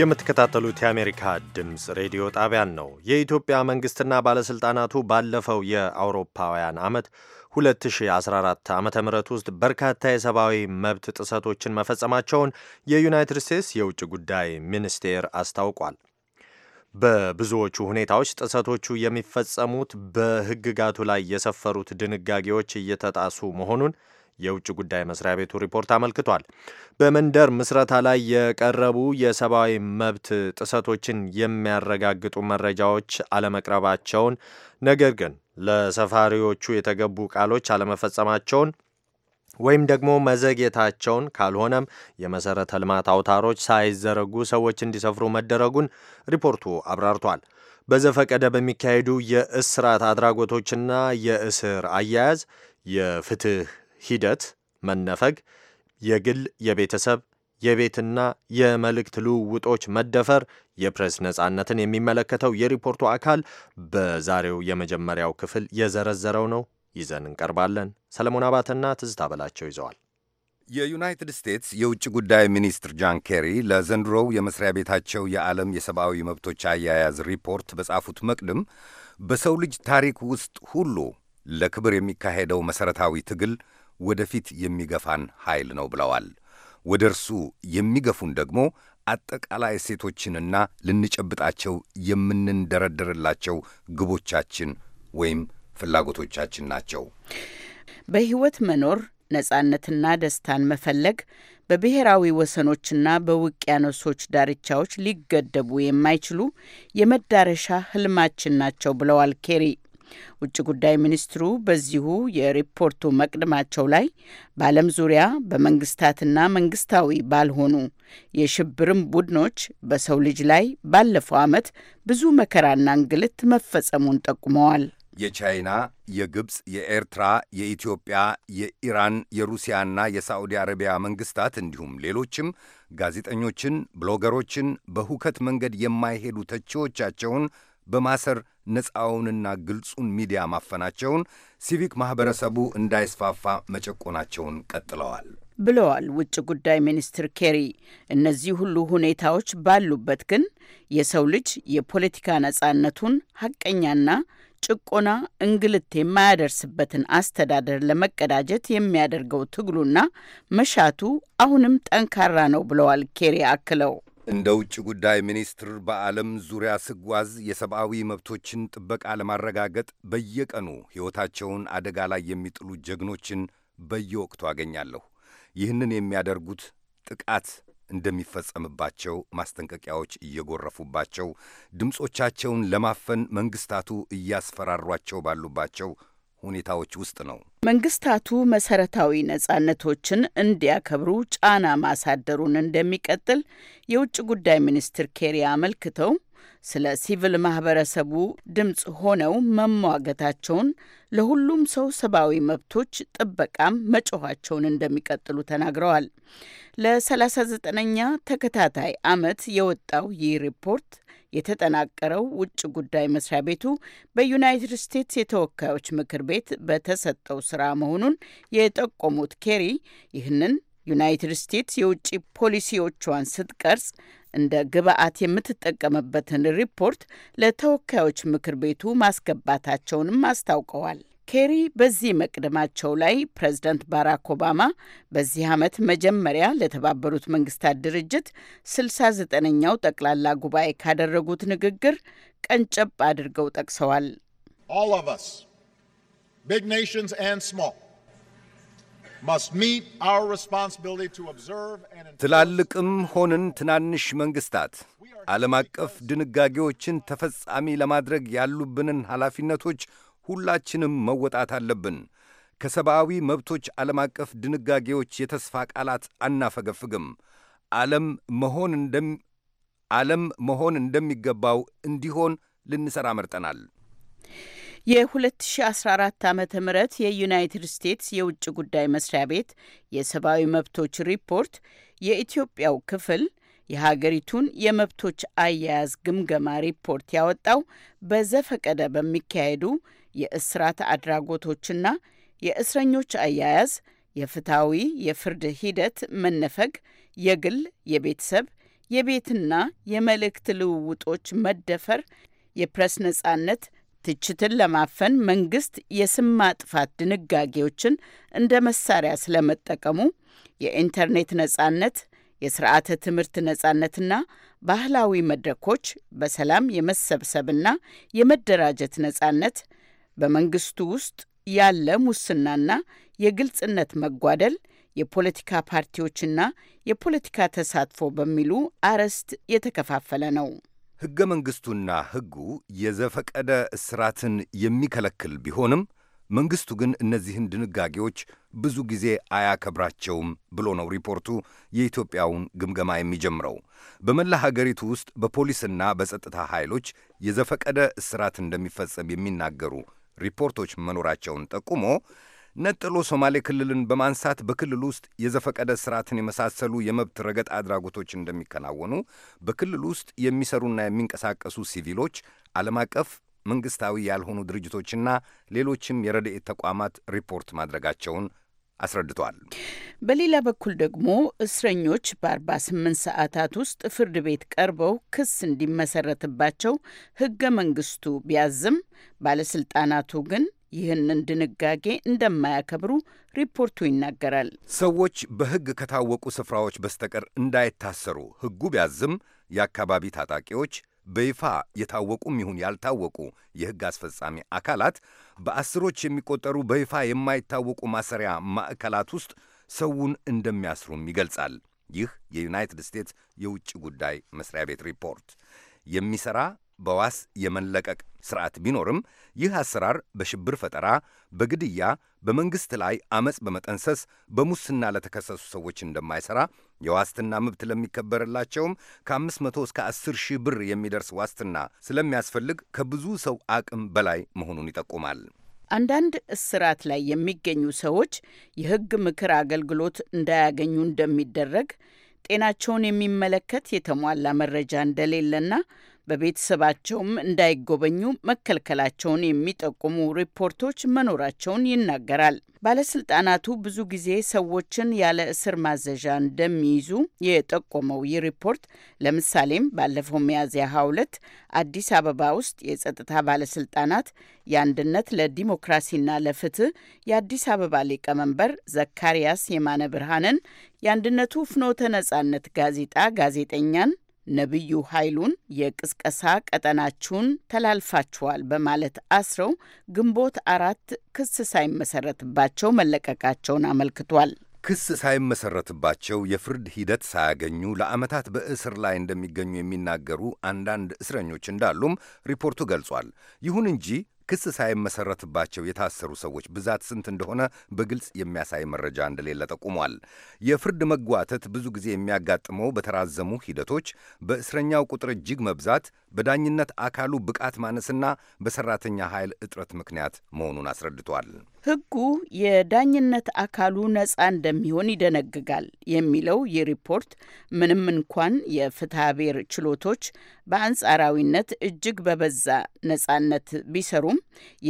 B: የምትከታተሉት የአሜሪካ ድምፅ ሬዲዮ ጣቢያን ነው። የኢትዮጵያ መንግሥትና ባለሥልጣናቱ ባለፈው የአውሮፓውያን ዓመት 2014 ዓ ም ውስጥ በርካታ የሰብአዊ መብት ጥሰቶችን መፈጸማቸውን የዩናይትድ ስቴትስ የውጭ ጉዳይ ሚኒስቴር አስታውቋል። በብዙዎቹ ሁኔታዎች ጥሰቶቹ የሚፈጸሙት በሕግጋቱ ላይ የሰፈሩት ድንጋጌዎች እየተጣሱ መሆኑን የውጭ ጉዳይ መስሪያ ቤቱ ሪፖርት አመልክቷል። በመንደር ምስረታ ላይ የቀረቡ የሰብአዊ መብት ጥሰቶችን የሚያረጋግጡ መረጃዎች አለመቅረባቸውን፣ ነገር ግን ለሰፋሪዎቹ የተገቡ ቃሎች አለመፈጸማቸውን ወይም ደግሞ መዘግየታቸውን ካልሆነም የመሰረተ ልማት አውታሮች ሳይዘረጉ ሰዎች እንዲሰፍሩ መደረጉን ሪፖርቱ አብራርቷል። በዘፈቀደ በሚካሄዱ የእስራት አድራጎቶችና የእስር አያያዝ የፍትህ ሂደት መነፈግ፣ የግል የቤተሰብ የቤትና የመልእክት ልውውጦች መደፈር የፕሬስ ነጻነትን የሚመለከተው የሪፖርቱ አካል በዛሬው የመጀመሪያው ክፍል የዘረዘረው ነው። ይዘን እንቀርባለን። ሰለሞን አባተና ትዝታ በላቸው ይዘዋል።
L: የዩናይትድ ስቴትስ የውጭ ጉዳይ ሚኒስትር ጃን ኬሪ ለዘንድሮው የመስሪያ ቤታቸው የዓለም የሰብአዊ መብቶች አያያዝ ሪፖርት በጻፉት መቅድም በሰው ልጅ ታሪክ ውስጥ ሁሉ ለክብር የሚካሄደው መሠረታዊ ትግል ወደፊት የሚገፋን ኃይል ነው ብለዋል። ወደ እርሱ የሚገፉን ደግሞ አጠቃላይ ሴቶችንና ልንጨብጣቸው የምንንደረደርላቸው ግቦቻችን ወይም ፍላጎቶቻችን ናቸው።
C: በሕይወት መኖር ነጻነትና ደስታን መፈለግ በብሔራዊ ወሰኖችና በውቅያኖሶች ዳርቻዎች ሊገደቡ የማይችሉ የመዳረሻ ህልማችን ናቸው ብለዋል ኬሪ። ውጭ ጉዳይ ሚኒስትሩ በዚሁ የሪፖርቱ መቅድማቸው ላይ በዓለም ዙሪያ በመንግስታትና መንግስታዊ ባልሆኑ የሽብርም ቡድኖች በሰው ልጅ ላይ ባለፈው ዓመት ብዙ መከራና እንግልት መፈጸሙን
L: ጠቁመዋል። የቻይና፣ የግብፅ፣ የኤርትራ፣ የኢትዮጵያ፣ የኢራን፣ የሩሲያና የሳዑዲ አረቢያ መንግስታት እንዲሁም ሌሎችም ጋዜጠኞችን፣ ብሎገሮችን፣ በሁከት መንገድ የማይሄዱ ተቺዎቻቸውን በማሰር ነፃውንና ግልጹን ሚዲያ ማፈናቸውን፣ ሲቪክ ማኅበረሰቡ እንዳይስፋፋ መጨቆናቸውን ቀጥለዋል
C: ብለዋል ውጭ ጉዳይ ሚኒስትር ኬሪ። እነዚህ ሁሉ ሁኔታዎች ባሉበት ግን የሰው ልጅ የፖለቲካ ነፃነቱን ሐቀኛና ጭቆና እንግልት የማያደርስበትን አስተዳደር ለመቀዳጀት የሚያደርገው ትግሉና መሻቱ አሁንም ጠንካራ ነው ብለዋል ኬሪ አክለው
L: እንደ ውጭ ጉዳይ ሚኒስትር በዓለም ዙሪያ ስጓዝ የሰብአዊ መብቶችን ጥበቃ ለማረጋገጥ በየቀኑ ሕይወታቸውን አደጋ ላይ የሚጥሉ ጀግኖችን በየወቅቱ አገኛለሁ። ይህንን የሚያደርጉት ጥቃት እንደሚፈጸምባቸው ማስጠንቀቂያዎች እየጎረፉባቸው ድምፆቻቸውን ለማፈን መንግስታቱ እያስፈራሯቸው ባሉባቸው ሁኔታዎች ውስጥ ነው።
C: መንግስታቱ መሰረታዊ ነጻነቶችን እንዲያከብሩ ጫና ማሳደሩን እንደሚቀጥል የውጭ ጉዳይ ሚኒስትር ኬሪ አመልክተው ስለ ሲቪል ማህበረሰቡ ድምፅ ሆነው መሟገታቸውን ለሁሉም ሰው ሰብአዊ መብቶች ጥበቃም መጮኋቸውን እንደሚቀጥሉ ተናግረዋል። ለ39ኛ ተከታታይ አመት የወጣው ይህ ሪፖርት የተጠናቀረው ውጭ ጉዳይ መስሪያ ቤቱ በዩናይትድ ስቴትስ የተወካዮች ምክር ቤት በተሰጠው ስራ መሆኑን የጠቆሙት ኬሪ ይህንን ዩናይትድ ስቴትስ የውጭ ፖሊሲዎቿን ስትቀርጽ እንደ ግብአት የምትጠቀምበትን ሪፖርት ለተወካዮች ምክር ቤቱ ማስገባታቸውንም አስታውቀዋል። ኬሪ በዚህ መቅደማቸው ላይ ፕሬዝደንት ባራክ ኦባማ በዚህ ዓመት መጀመሪያ ለተባበሩት መንግስታት ድርጅት 69ኛው ጠቅላላ ጉባኤ ካደረጉት ንግግር ቀንጨብ አድርገው ጠቅሰዋል።
L: ትላልቅም ሆንን ትናንሽ መንግስታት ዓለም አቀፍ ድንጋጌዎችን ተፈጻሚ ለማድረግ ያሉብንን ኃላፊነቶች ሁላችንም መወጣት አለብን። ከሰብአዊ መብቶች ዓለም አቀፍ ድንጋጌዎች የተስፋ ቃላት አናፈገፍግም። ዓለም መሆን እንደም ዓለም መሆን እንደሚገባው እንዲሆን ልንሰራ መርጠናል።
C: የ2014 ዓ ም የዩናይትድ ስቴትስ የውጭ ጉዳይ መስሪያ ቤት የሰብአዊ መብቶች ሪፖርት የኢትዮጵያው ክፍል የሀገሪቱን የመብቶች አያያዝ ግምገማ ሪፖርት ያወጣው በዘፈቀደ በሚካሄዱ የእስራት አድራጎቶችና የእስረኞች አያያዝ፣ የፍትሐዊ የፍርድ ሂደት መነፈግ፣ የግል የቤተሰብ የቤትና የመልእክት ልውውጦች መደፈር፣ የፕሬስ ነጻነት፣ ትችትን ለማፈን መንግስት የስም ማጥፋት ድንጋጌዎችን እንደ መሳሪያ ስለመጠቀሙ፣ የኢንተርኔት ነጻነት፣ የስርዓተ ትምህርት ነጻነትና ባህላዊ መድረኮች፣ በሰላም የመሰብሰብና የመደራጀት ነጻነት በመንግስቱ ውስጥ ያለ ሙስናና የግልጽነት መጓደል የፖለቲካ ፓርቲዎችና የፖለቲካ ተሳትፎ በሚሉ አርዕስት የተከፋፈለ ነው።
L: ሕገ መንግሥቱና ሕጉ የዘፈቀደ እስራትን የሚከለክል ቢሆንም መንግሥቱ ግን እነዚህን ድንጋጌዎች ብዙ ጊዜ አያከብራቸውም ብሎ ነው ሪፖርቱ የኢትዮጵያውን ግምገማ የሚጀምረው። በመላ ሀገሪቱ ውስጥ በፖሊስና በጸጥታ ኃይሎች የዘፈቀደ እስራት እንደሚፈጸም የሚናገሩ ሪፖርቶች መኖራቸውን ጠቁሞ ነጥሎ ሶማሌ ክልልን በማንሳት በክልል ውስጥ የዘፈቀደ ስርዓትን የመሳሰሉ የመብት ረገጥ አድራጎቶች እንደሚከናወኑ በክልል ውስጥ የሚሰሩና የሚንቀሳቀሱ ሲቪሎች፣ ዓለም አቀፍ መንግስታዊ ያልሆኑ ድርጅቶችና ሌሎችም የረድኤት ተቋማት ሪፖርት ማድረጋቸውን አስረድቷል።
C: በሌላ በኩል ደግሞ እስረኞች በ48 ሰዓታት ውስጥ ፍርድ ቤት ቀርበው ክስ እንዲመሰረትባቸው ህገ መንግስቱ ቢያዝም ባለስልጣናቱ ግን ይህንን ድንጋጌ እንደማያከብሩ ሪፖርቱ ይናገራል።
L: ሰዎች በሕግ ከታወቁ ስፍራዎች በስተቀር እንዳይታሰሩ ሕጉ ቢያዝም የአካባቢ ታጣቂዎች በይፋ የታወቁም ይሁን ያልታወቁ የሕግ አስፈጻሚ አካላት በአስሮች የሚቆጠሩ በይፋ የማይታወቁ ማሰሪያ ማዕከላት ውስጥ ሰውን እንደሚያስሩም ይገልጻል። ይህ የዩናይትድ ስቴትስ የውጭ ጉዳይ መስሪያ ቤት ሪፖርት የሚሠራ በዋስ የመለቀቅ ስርዓት ቢኖርም ይህ አሰራር በሽብር ፈጠራ፣ በግድያ በመንግሥት ላይ አመፅ በመጠንሰስ በሙስና ለተከሰሱ ሰዎች እንደማይሠራ የዋስትና መብት ለሚከበርላቸውም ከ500 እስከ 10 ሺህ ብር የሚደርስ ዋስትና ስለሚያስፈልግ ከብዙ ሰው አቅም በላይ መሆኑን ይጠቁማል።
C: አንዳንድ እስራት ላይ የሚገኙ ሰዎች የሕግ ምክር አገልግሎት እንዳያገኙ እንደሚደረግ ጤናቸውን የሚመለከት የተሟላ መረጃ እንደሌለና በቤተሰባቸውም እንዳይጎበኙ መከልከላቸውን የሚጠቁሙ ሪፖርቶች መኖራቸውን ይናገራል። ባለስልጣናቱ ብዙ ጊዜ ሰዎችን ያለ እስር ማዘዣ እንደሚይዙ የጠቆመው ይህ ሪፖርት ለምሳሌም ባለፈው ሚያዝያ 22 አዲስ አበባ ውስጥ የጸጥታ ባለስልጣናት የአንድነት ለዲሞክራሲና ለፍትህ የአዲስ አበባ ሊቀመንበር ዘካሪያስ የማነ ብርሃንን፣ የአንድነቱ ፍኖተ ነጻነት ጋዜጣ ጋዜጠኛን ነቢዩ ኃይሉን የቅስቀሳ ቀጠናችሁን ተላልፋችኋል በማለት አስረው ግንቦት አራት ክስ ሳይመሰረትባቸው መለቀቃቸውን አመልክቷል።
L: ክስ ሳይመሰረትባቸው የፍርድ ሂደት ሳያገኙ ለዓመታት በእስር ላይ እንደሚገኙ የሚናገሩ አንዳንድ እስረኞች እንዳሉም ሪፖርቱ ገልጿል። ይሁን እንጂ ክስ ሳይመሰረትባቸው የታሰሩ ሰዎች ብዛት ስንት እንደሆነ በግልጽ የሚያሳይ መረጃ እንደሌለ ጠቁሟል። የፍርድ መጓተት ብዙ ጊዜ የሚያጋጥመው በተራዘሙ ሂደቶች፣ በእስረኛው ቁጥር እጅግ መብዛት፣ በዳኝነት አካሉ ብቃት ማነስና በሰራተኛ ኃይል እጥረት ምክንያት መሆኑን አስረድቷል።
C: ህጉ የዳኝነት አካሉ ነጻ እንደሚሆን ይደነግጋል የሚለው ይህ ሪፖርት ምንም እንኳን የፍትሐ ችሎቶች በአንጻራዊነት እጅግ በበዛ ነጻነት ቢሰሩም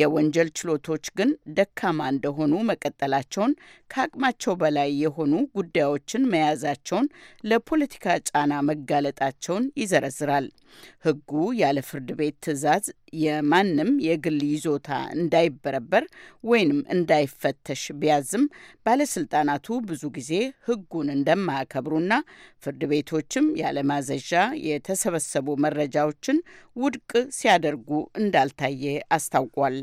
C: የወንጀል ችሎቶች ግን ደካማ እንደሆኑ መቀጠላቸውን፣ ከአቅማቸው በላይ የሆኑ ጉዳዮችን መያዛቸውን፣ ለፖለቲካ ጫና መጋለጣቸውን ይዘረዝራል። ህጉ ያለ ፍርድ ቤት ትዕዛዝ የማንም የግል ይዞታ እንዳይበረበር ወይንም እንዳይፈተሽ ቢያዝም ባለስልጣናቱ ብዙ ጊዜ ሕጉን እንደማያከብሩና ፍርድ ቤቶችም ያለማዘዣ የተሰበሰቡ መረጃዎችን ውድቅ ሲያደርጉ እንዳልታየ አስታውቋል።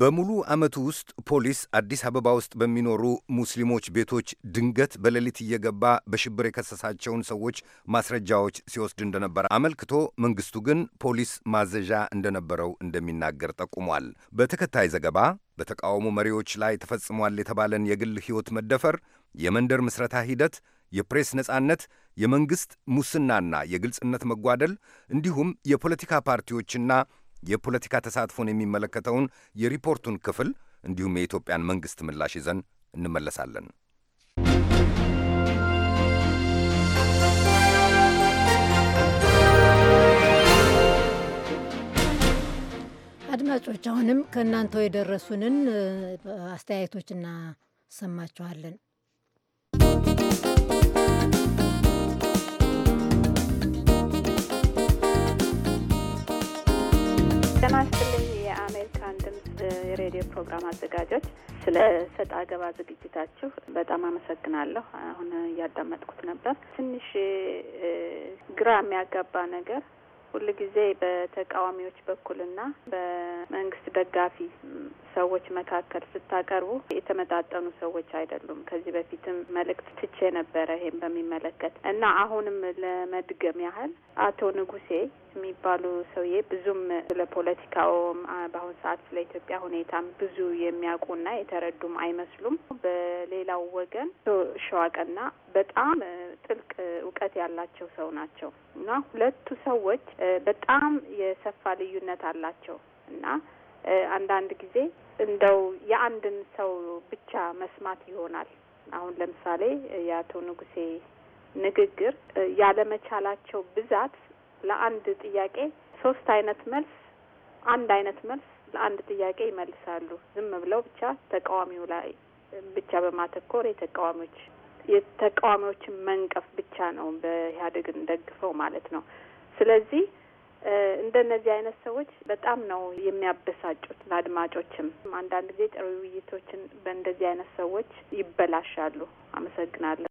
L: በሙሉ ዓመቱ ውስጥ ፖሊስ አዲስ አበባ ውስጥ በሚኖሩ ሙስሊሞች ቤቶች ድንገት በሌሊት እየገባ በሽብር የከሰሳቸውን ሰዎች ማስረጃዎች ሲወስድ እንደነበረ አመልክቶ መንግስቱ ግን ፖሊስ ማዘዣ እንደነበረው እንደሚናገር ጠቁሟል። በተከታይ ዘገባ በተቃውሞ መሪዎች ላይ ተፈጽሟል የተባለን የግል ሕይወት መደፈር፣ የመንደር ምስረታ ሂደት፣ የፕሬስ ነጻነት፣ የመንግሥት ሙስናና የግልጽነት መጓደል እንዲሁም የፖለቲካ ፓርቲዎችና የፖለቲካ ተሳትፎን የሚመለከተውን የሪፖርቱን ክፍል እንዲሁም የኢትዮጵያን መንግሥት ምላሽ ይዘን እንመለሳለን።
D: አድማጮች አሁንም ከእናንተው የደረሱንን አስተያየቶች እናሰማችኋለን።
J: ጤና የአሜሪካን ድምፅ የሬዲዮ ፕሮግራም አዘጋጆች፣ ስለ ሰጥ አገባ ዝግጅታችሁ በጣም አመሰግናለሁ። አሁን እያዳመጥኩት ነበር። ትንሽ ግራ የሚያጋባ ነገር ሁል ጊዜ በተቃዋሚዎች በኩልና በመንግስት ደጋፊ ሰዎች መካከል ስታቀርቡ የተመጣጠኑ ሰዎች አይደሉም። ከዚህ በፊትም መልእክት ትቼ ነበረ ይሄን በሚመለከት እና አሁንም ለመድገም ያህል አቶ ንጉሴ የሚባሉ ሰውዬ ብዙም ስለ ፖለቲካውም በአሁን ሰዓት ስለ ኢትዮጵያ ሁኔታም ብዙ የሚያውቁና የተረዱም አይመስሉም። በሌላው ወገን ሸዋቀና በጣም ጥልቅ እውቀት ያላቸው ሰው ናቸው እና ሁለቱ ሰዎች በጣም የሰፋ ልዩነት አላቸው እና አንዳንድ ጊዜ እንደው የአንድን ሰው ብቻ መስማት ይሆናል። አሁን ለምሳሌ የአቶ ንጉሴ ንግግር ያለመቻላቸው ብዛት ለአንድ ጥያቄ ሶስት አይነት መልስ አንድ አይነት መልስ ለአንድ ጥያቄ ይመልሳሉ። ዝም ብለው ብቻ ተቃዋሚው ላይ ብቻ በማተኮር የተቃዋሚዎች የተቃዋሚዎችን መንቀፍ ብቻ ነው በኢህአዴግን ደግፈው ማለት ነው። ስለዚህ እንደነዚህ አይነት ሰዎች በጣም ነው የሚያበሳጩት። ለአድማጮችም አንዳንድ ጊዜ ጥሩ ውይይቶችን በእንደዚህ አይነት ሰዎች ይበላሻሉ። አመሰግናለሁ።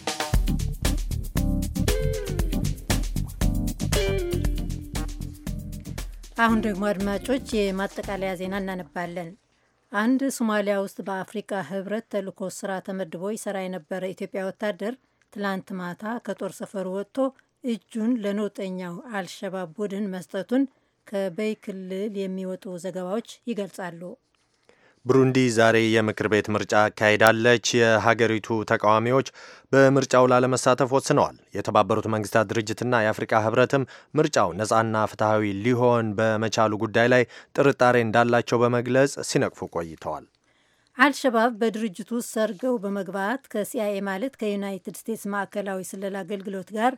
D: አሁን ደግሞ አድማጮች የማጠቃለያ ዜና እናነባለን። አንድ ሶማሊያ ውስጥ በአፍሪካ ህብረት ተልእኮ ስራ ተመድቦ ይሰራ የነበረ ኢትዮጵያ ወታደር ትላንት ማታ ከጦር ሰፈሩ ወጥቶ እጁን ለነውጠኛው አልሸባብ ቡድን መስጠቱን ከበይ ክልል የሚወጡ ዘገባዎች ይገልጻሉ።
B: ብሩንዲ ዛሬ የምክር ቤት ምርጫ አካሂዳለች። የሀገሪቱ ተቃዋሚዎች በምርጫው ላለመሳተፍ ወስነዋል። የተባበሩት መንግስታት ድርጅትና የአፍሪቃ ህብረትም ምርጫው ነፃና ፍትሐዊ ሊሆን በመቻሉ ጉዳይ ላይ ጥርጣሬ እንዳላቸው በመግለጽ ሲነቅፉ ቆይተዋል።
D: አልሸባብ በድርጅቱ ውስጥ ሰርገው በመግባት ከሲአይኤ ማለት ከዩናይትድ ስቴትስ ማዕከላዊ ስለላ አገልግሎት ጋር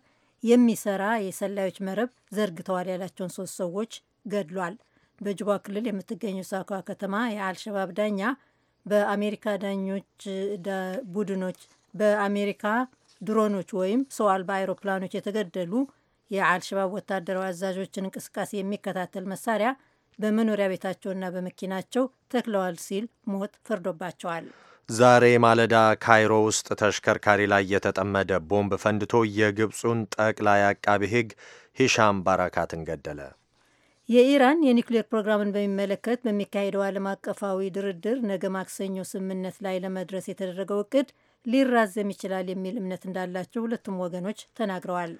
D: የሚሰራ የሰላዮች መረብ ዘርግተዋል ያላቸውን ሶስት ሰዎች ገድሏል። በጁባ ክልል የምትገኘው ሳኳ ከተማ የአልሸባብ ዳኛ በአሜሪካ ዳኞች ቡድኖች በአሜሪካ ድሮኖች ወይም ሰው አልባ አይሮፕላኖች የተገደሉ የአልሸባብ ወታደራዊ አዛዦችን እንቅስቃሴ የሚከታተል መሳሪያ በመኖሪያ ቤታቸውና በመኪናቸው ተክለዋል ሲል ሞት ፈርዶባቸዋል።
B: ዛሬ ማለዳ ካይሮ ውስጥ ተሽከርካሪ ላይ የተጠመደ ቦምብ ፈንድቶ የግብፁን ጠቅላይ አቃቢ ሕግ ሂሻም ባራካትን ገደለ።
D: የኢራን የኒውክሌር ፕሮግራምን በሚመለከት በሚካሄደው ዓለም አቀፋዊ ድርድር ነገ ማክሰኞ ስምምነት ላይ ለመድረስ የተደረገው እቅድ ሊራዘም ይችላል የሚል እምነት እንዳላቸው ሁለቱም ወገኖች ተናግረዋል።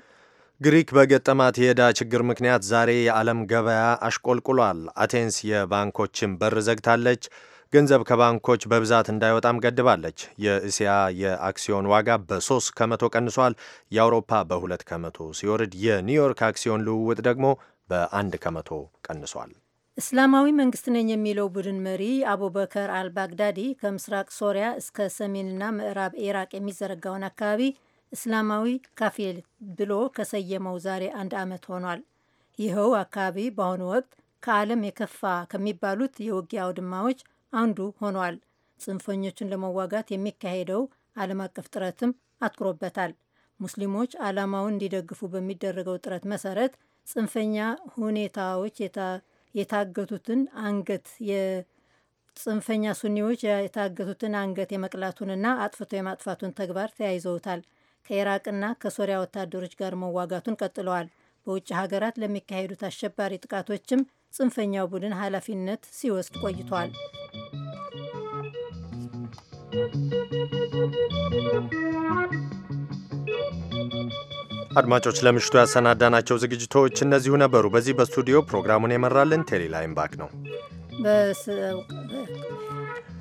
B: ግሪክ በገጠማት የዕዳ ችግር ምክንያት ዛሬ የዓለም ገበያ አሽቆልቁሏል። አቴንስ የባንኮችን በር ዘግታለች። ገንዘብ ከባንኮች በብዛት እንዳይወጣም ገድባለች። የእስያ የአክሲዮን ዋጋ በሶስት ከመቶ ቀንሷል። የአውሮፓ በሁለት ከመቶ ሲወርድ የኒውዮርክ አክሲዮን ልውውጥ ደግሞ በአንድ ከመቶ ቀንሷል።
D: እስላማዊ መንግስት ነኝ የሚለው ቡድን መሪ አቡበከር አልባግዳዲ ከምስራቅ ሶሪያ እስከ ሰሜንና ምዕራብ ኢራቅ የሚዘረጋውን አካባቢ እስላማዊ ካፌል ብሎ ከሰየመው ዛሬ አንድ ዓመት ሆኗል። ይኸው አካባቢ በአሁኑ ወቅት ከዓለም የከፋ ከሚባሉት የውጊያ አውድማዎች አንዱ ሆኗል። ጽንፈኞቹን ለመዋጋት የሚካሄደው ዓለም አቀፍ ጥረትም አትኩሮበታል። ሙስሊሞች ዓላማውን እንዲደግፉ በሚደረገው ጥረት መሰረት ጽንፈኛ ሁኔታዎች የታገቱትን አንገት ጽንፈኛ ሱኒዎች የታገቱትን አንገት የመቅላቱንና አጥፍቶ የማጥፋቱን ተግባር ተያይዘውታል። ከኢራቅና ከሶሪያ ወታደሮች ጋር መዋጋቱን ቀጥለዋል። በውጭ ሀገራት ለሚካሄዱት አሸባሪ ጥቃቶችም ጽንፈኛው ቡድን ኃላፊነት ሲወስድ ቆይቷል። Thank
B: you. አድማጮች ለምሽቱ ያሰናዳናቸው ዝግጅቶች እነዚሁ ነበሩ። በዚህ በስቱዲዮ ፕሮግራሙን የመራልን ቴሌ ላይምባክ ነው።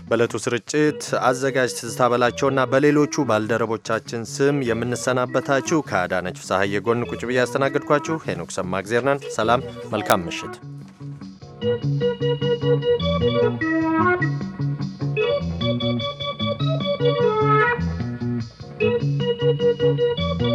B: በዕለቱ ስርጭት አዘጋጅ ትዝታ በላቸውና በሌሎቹ ባልደረቦቻችን ስም የምንሰናበታችሁ ከአዳነች ፍሳሐ የጎን ቁጭ ብዬ ያስተናገድኳችሁ ሄኖክ ሰማእግዜር ነን። ሰላም፣ መልካም ምሽት።
G: Thank you.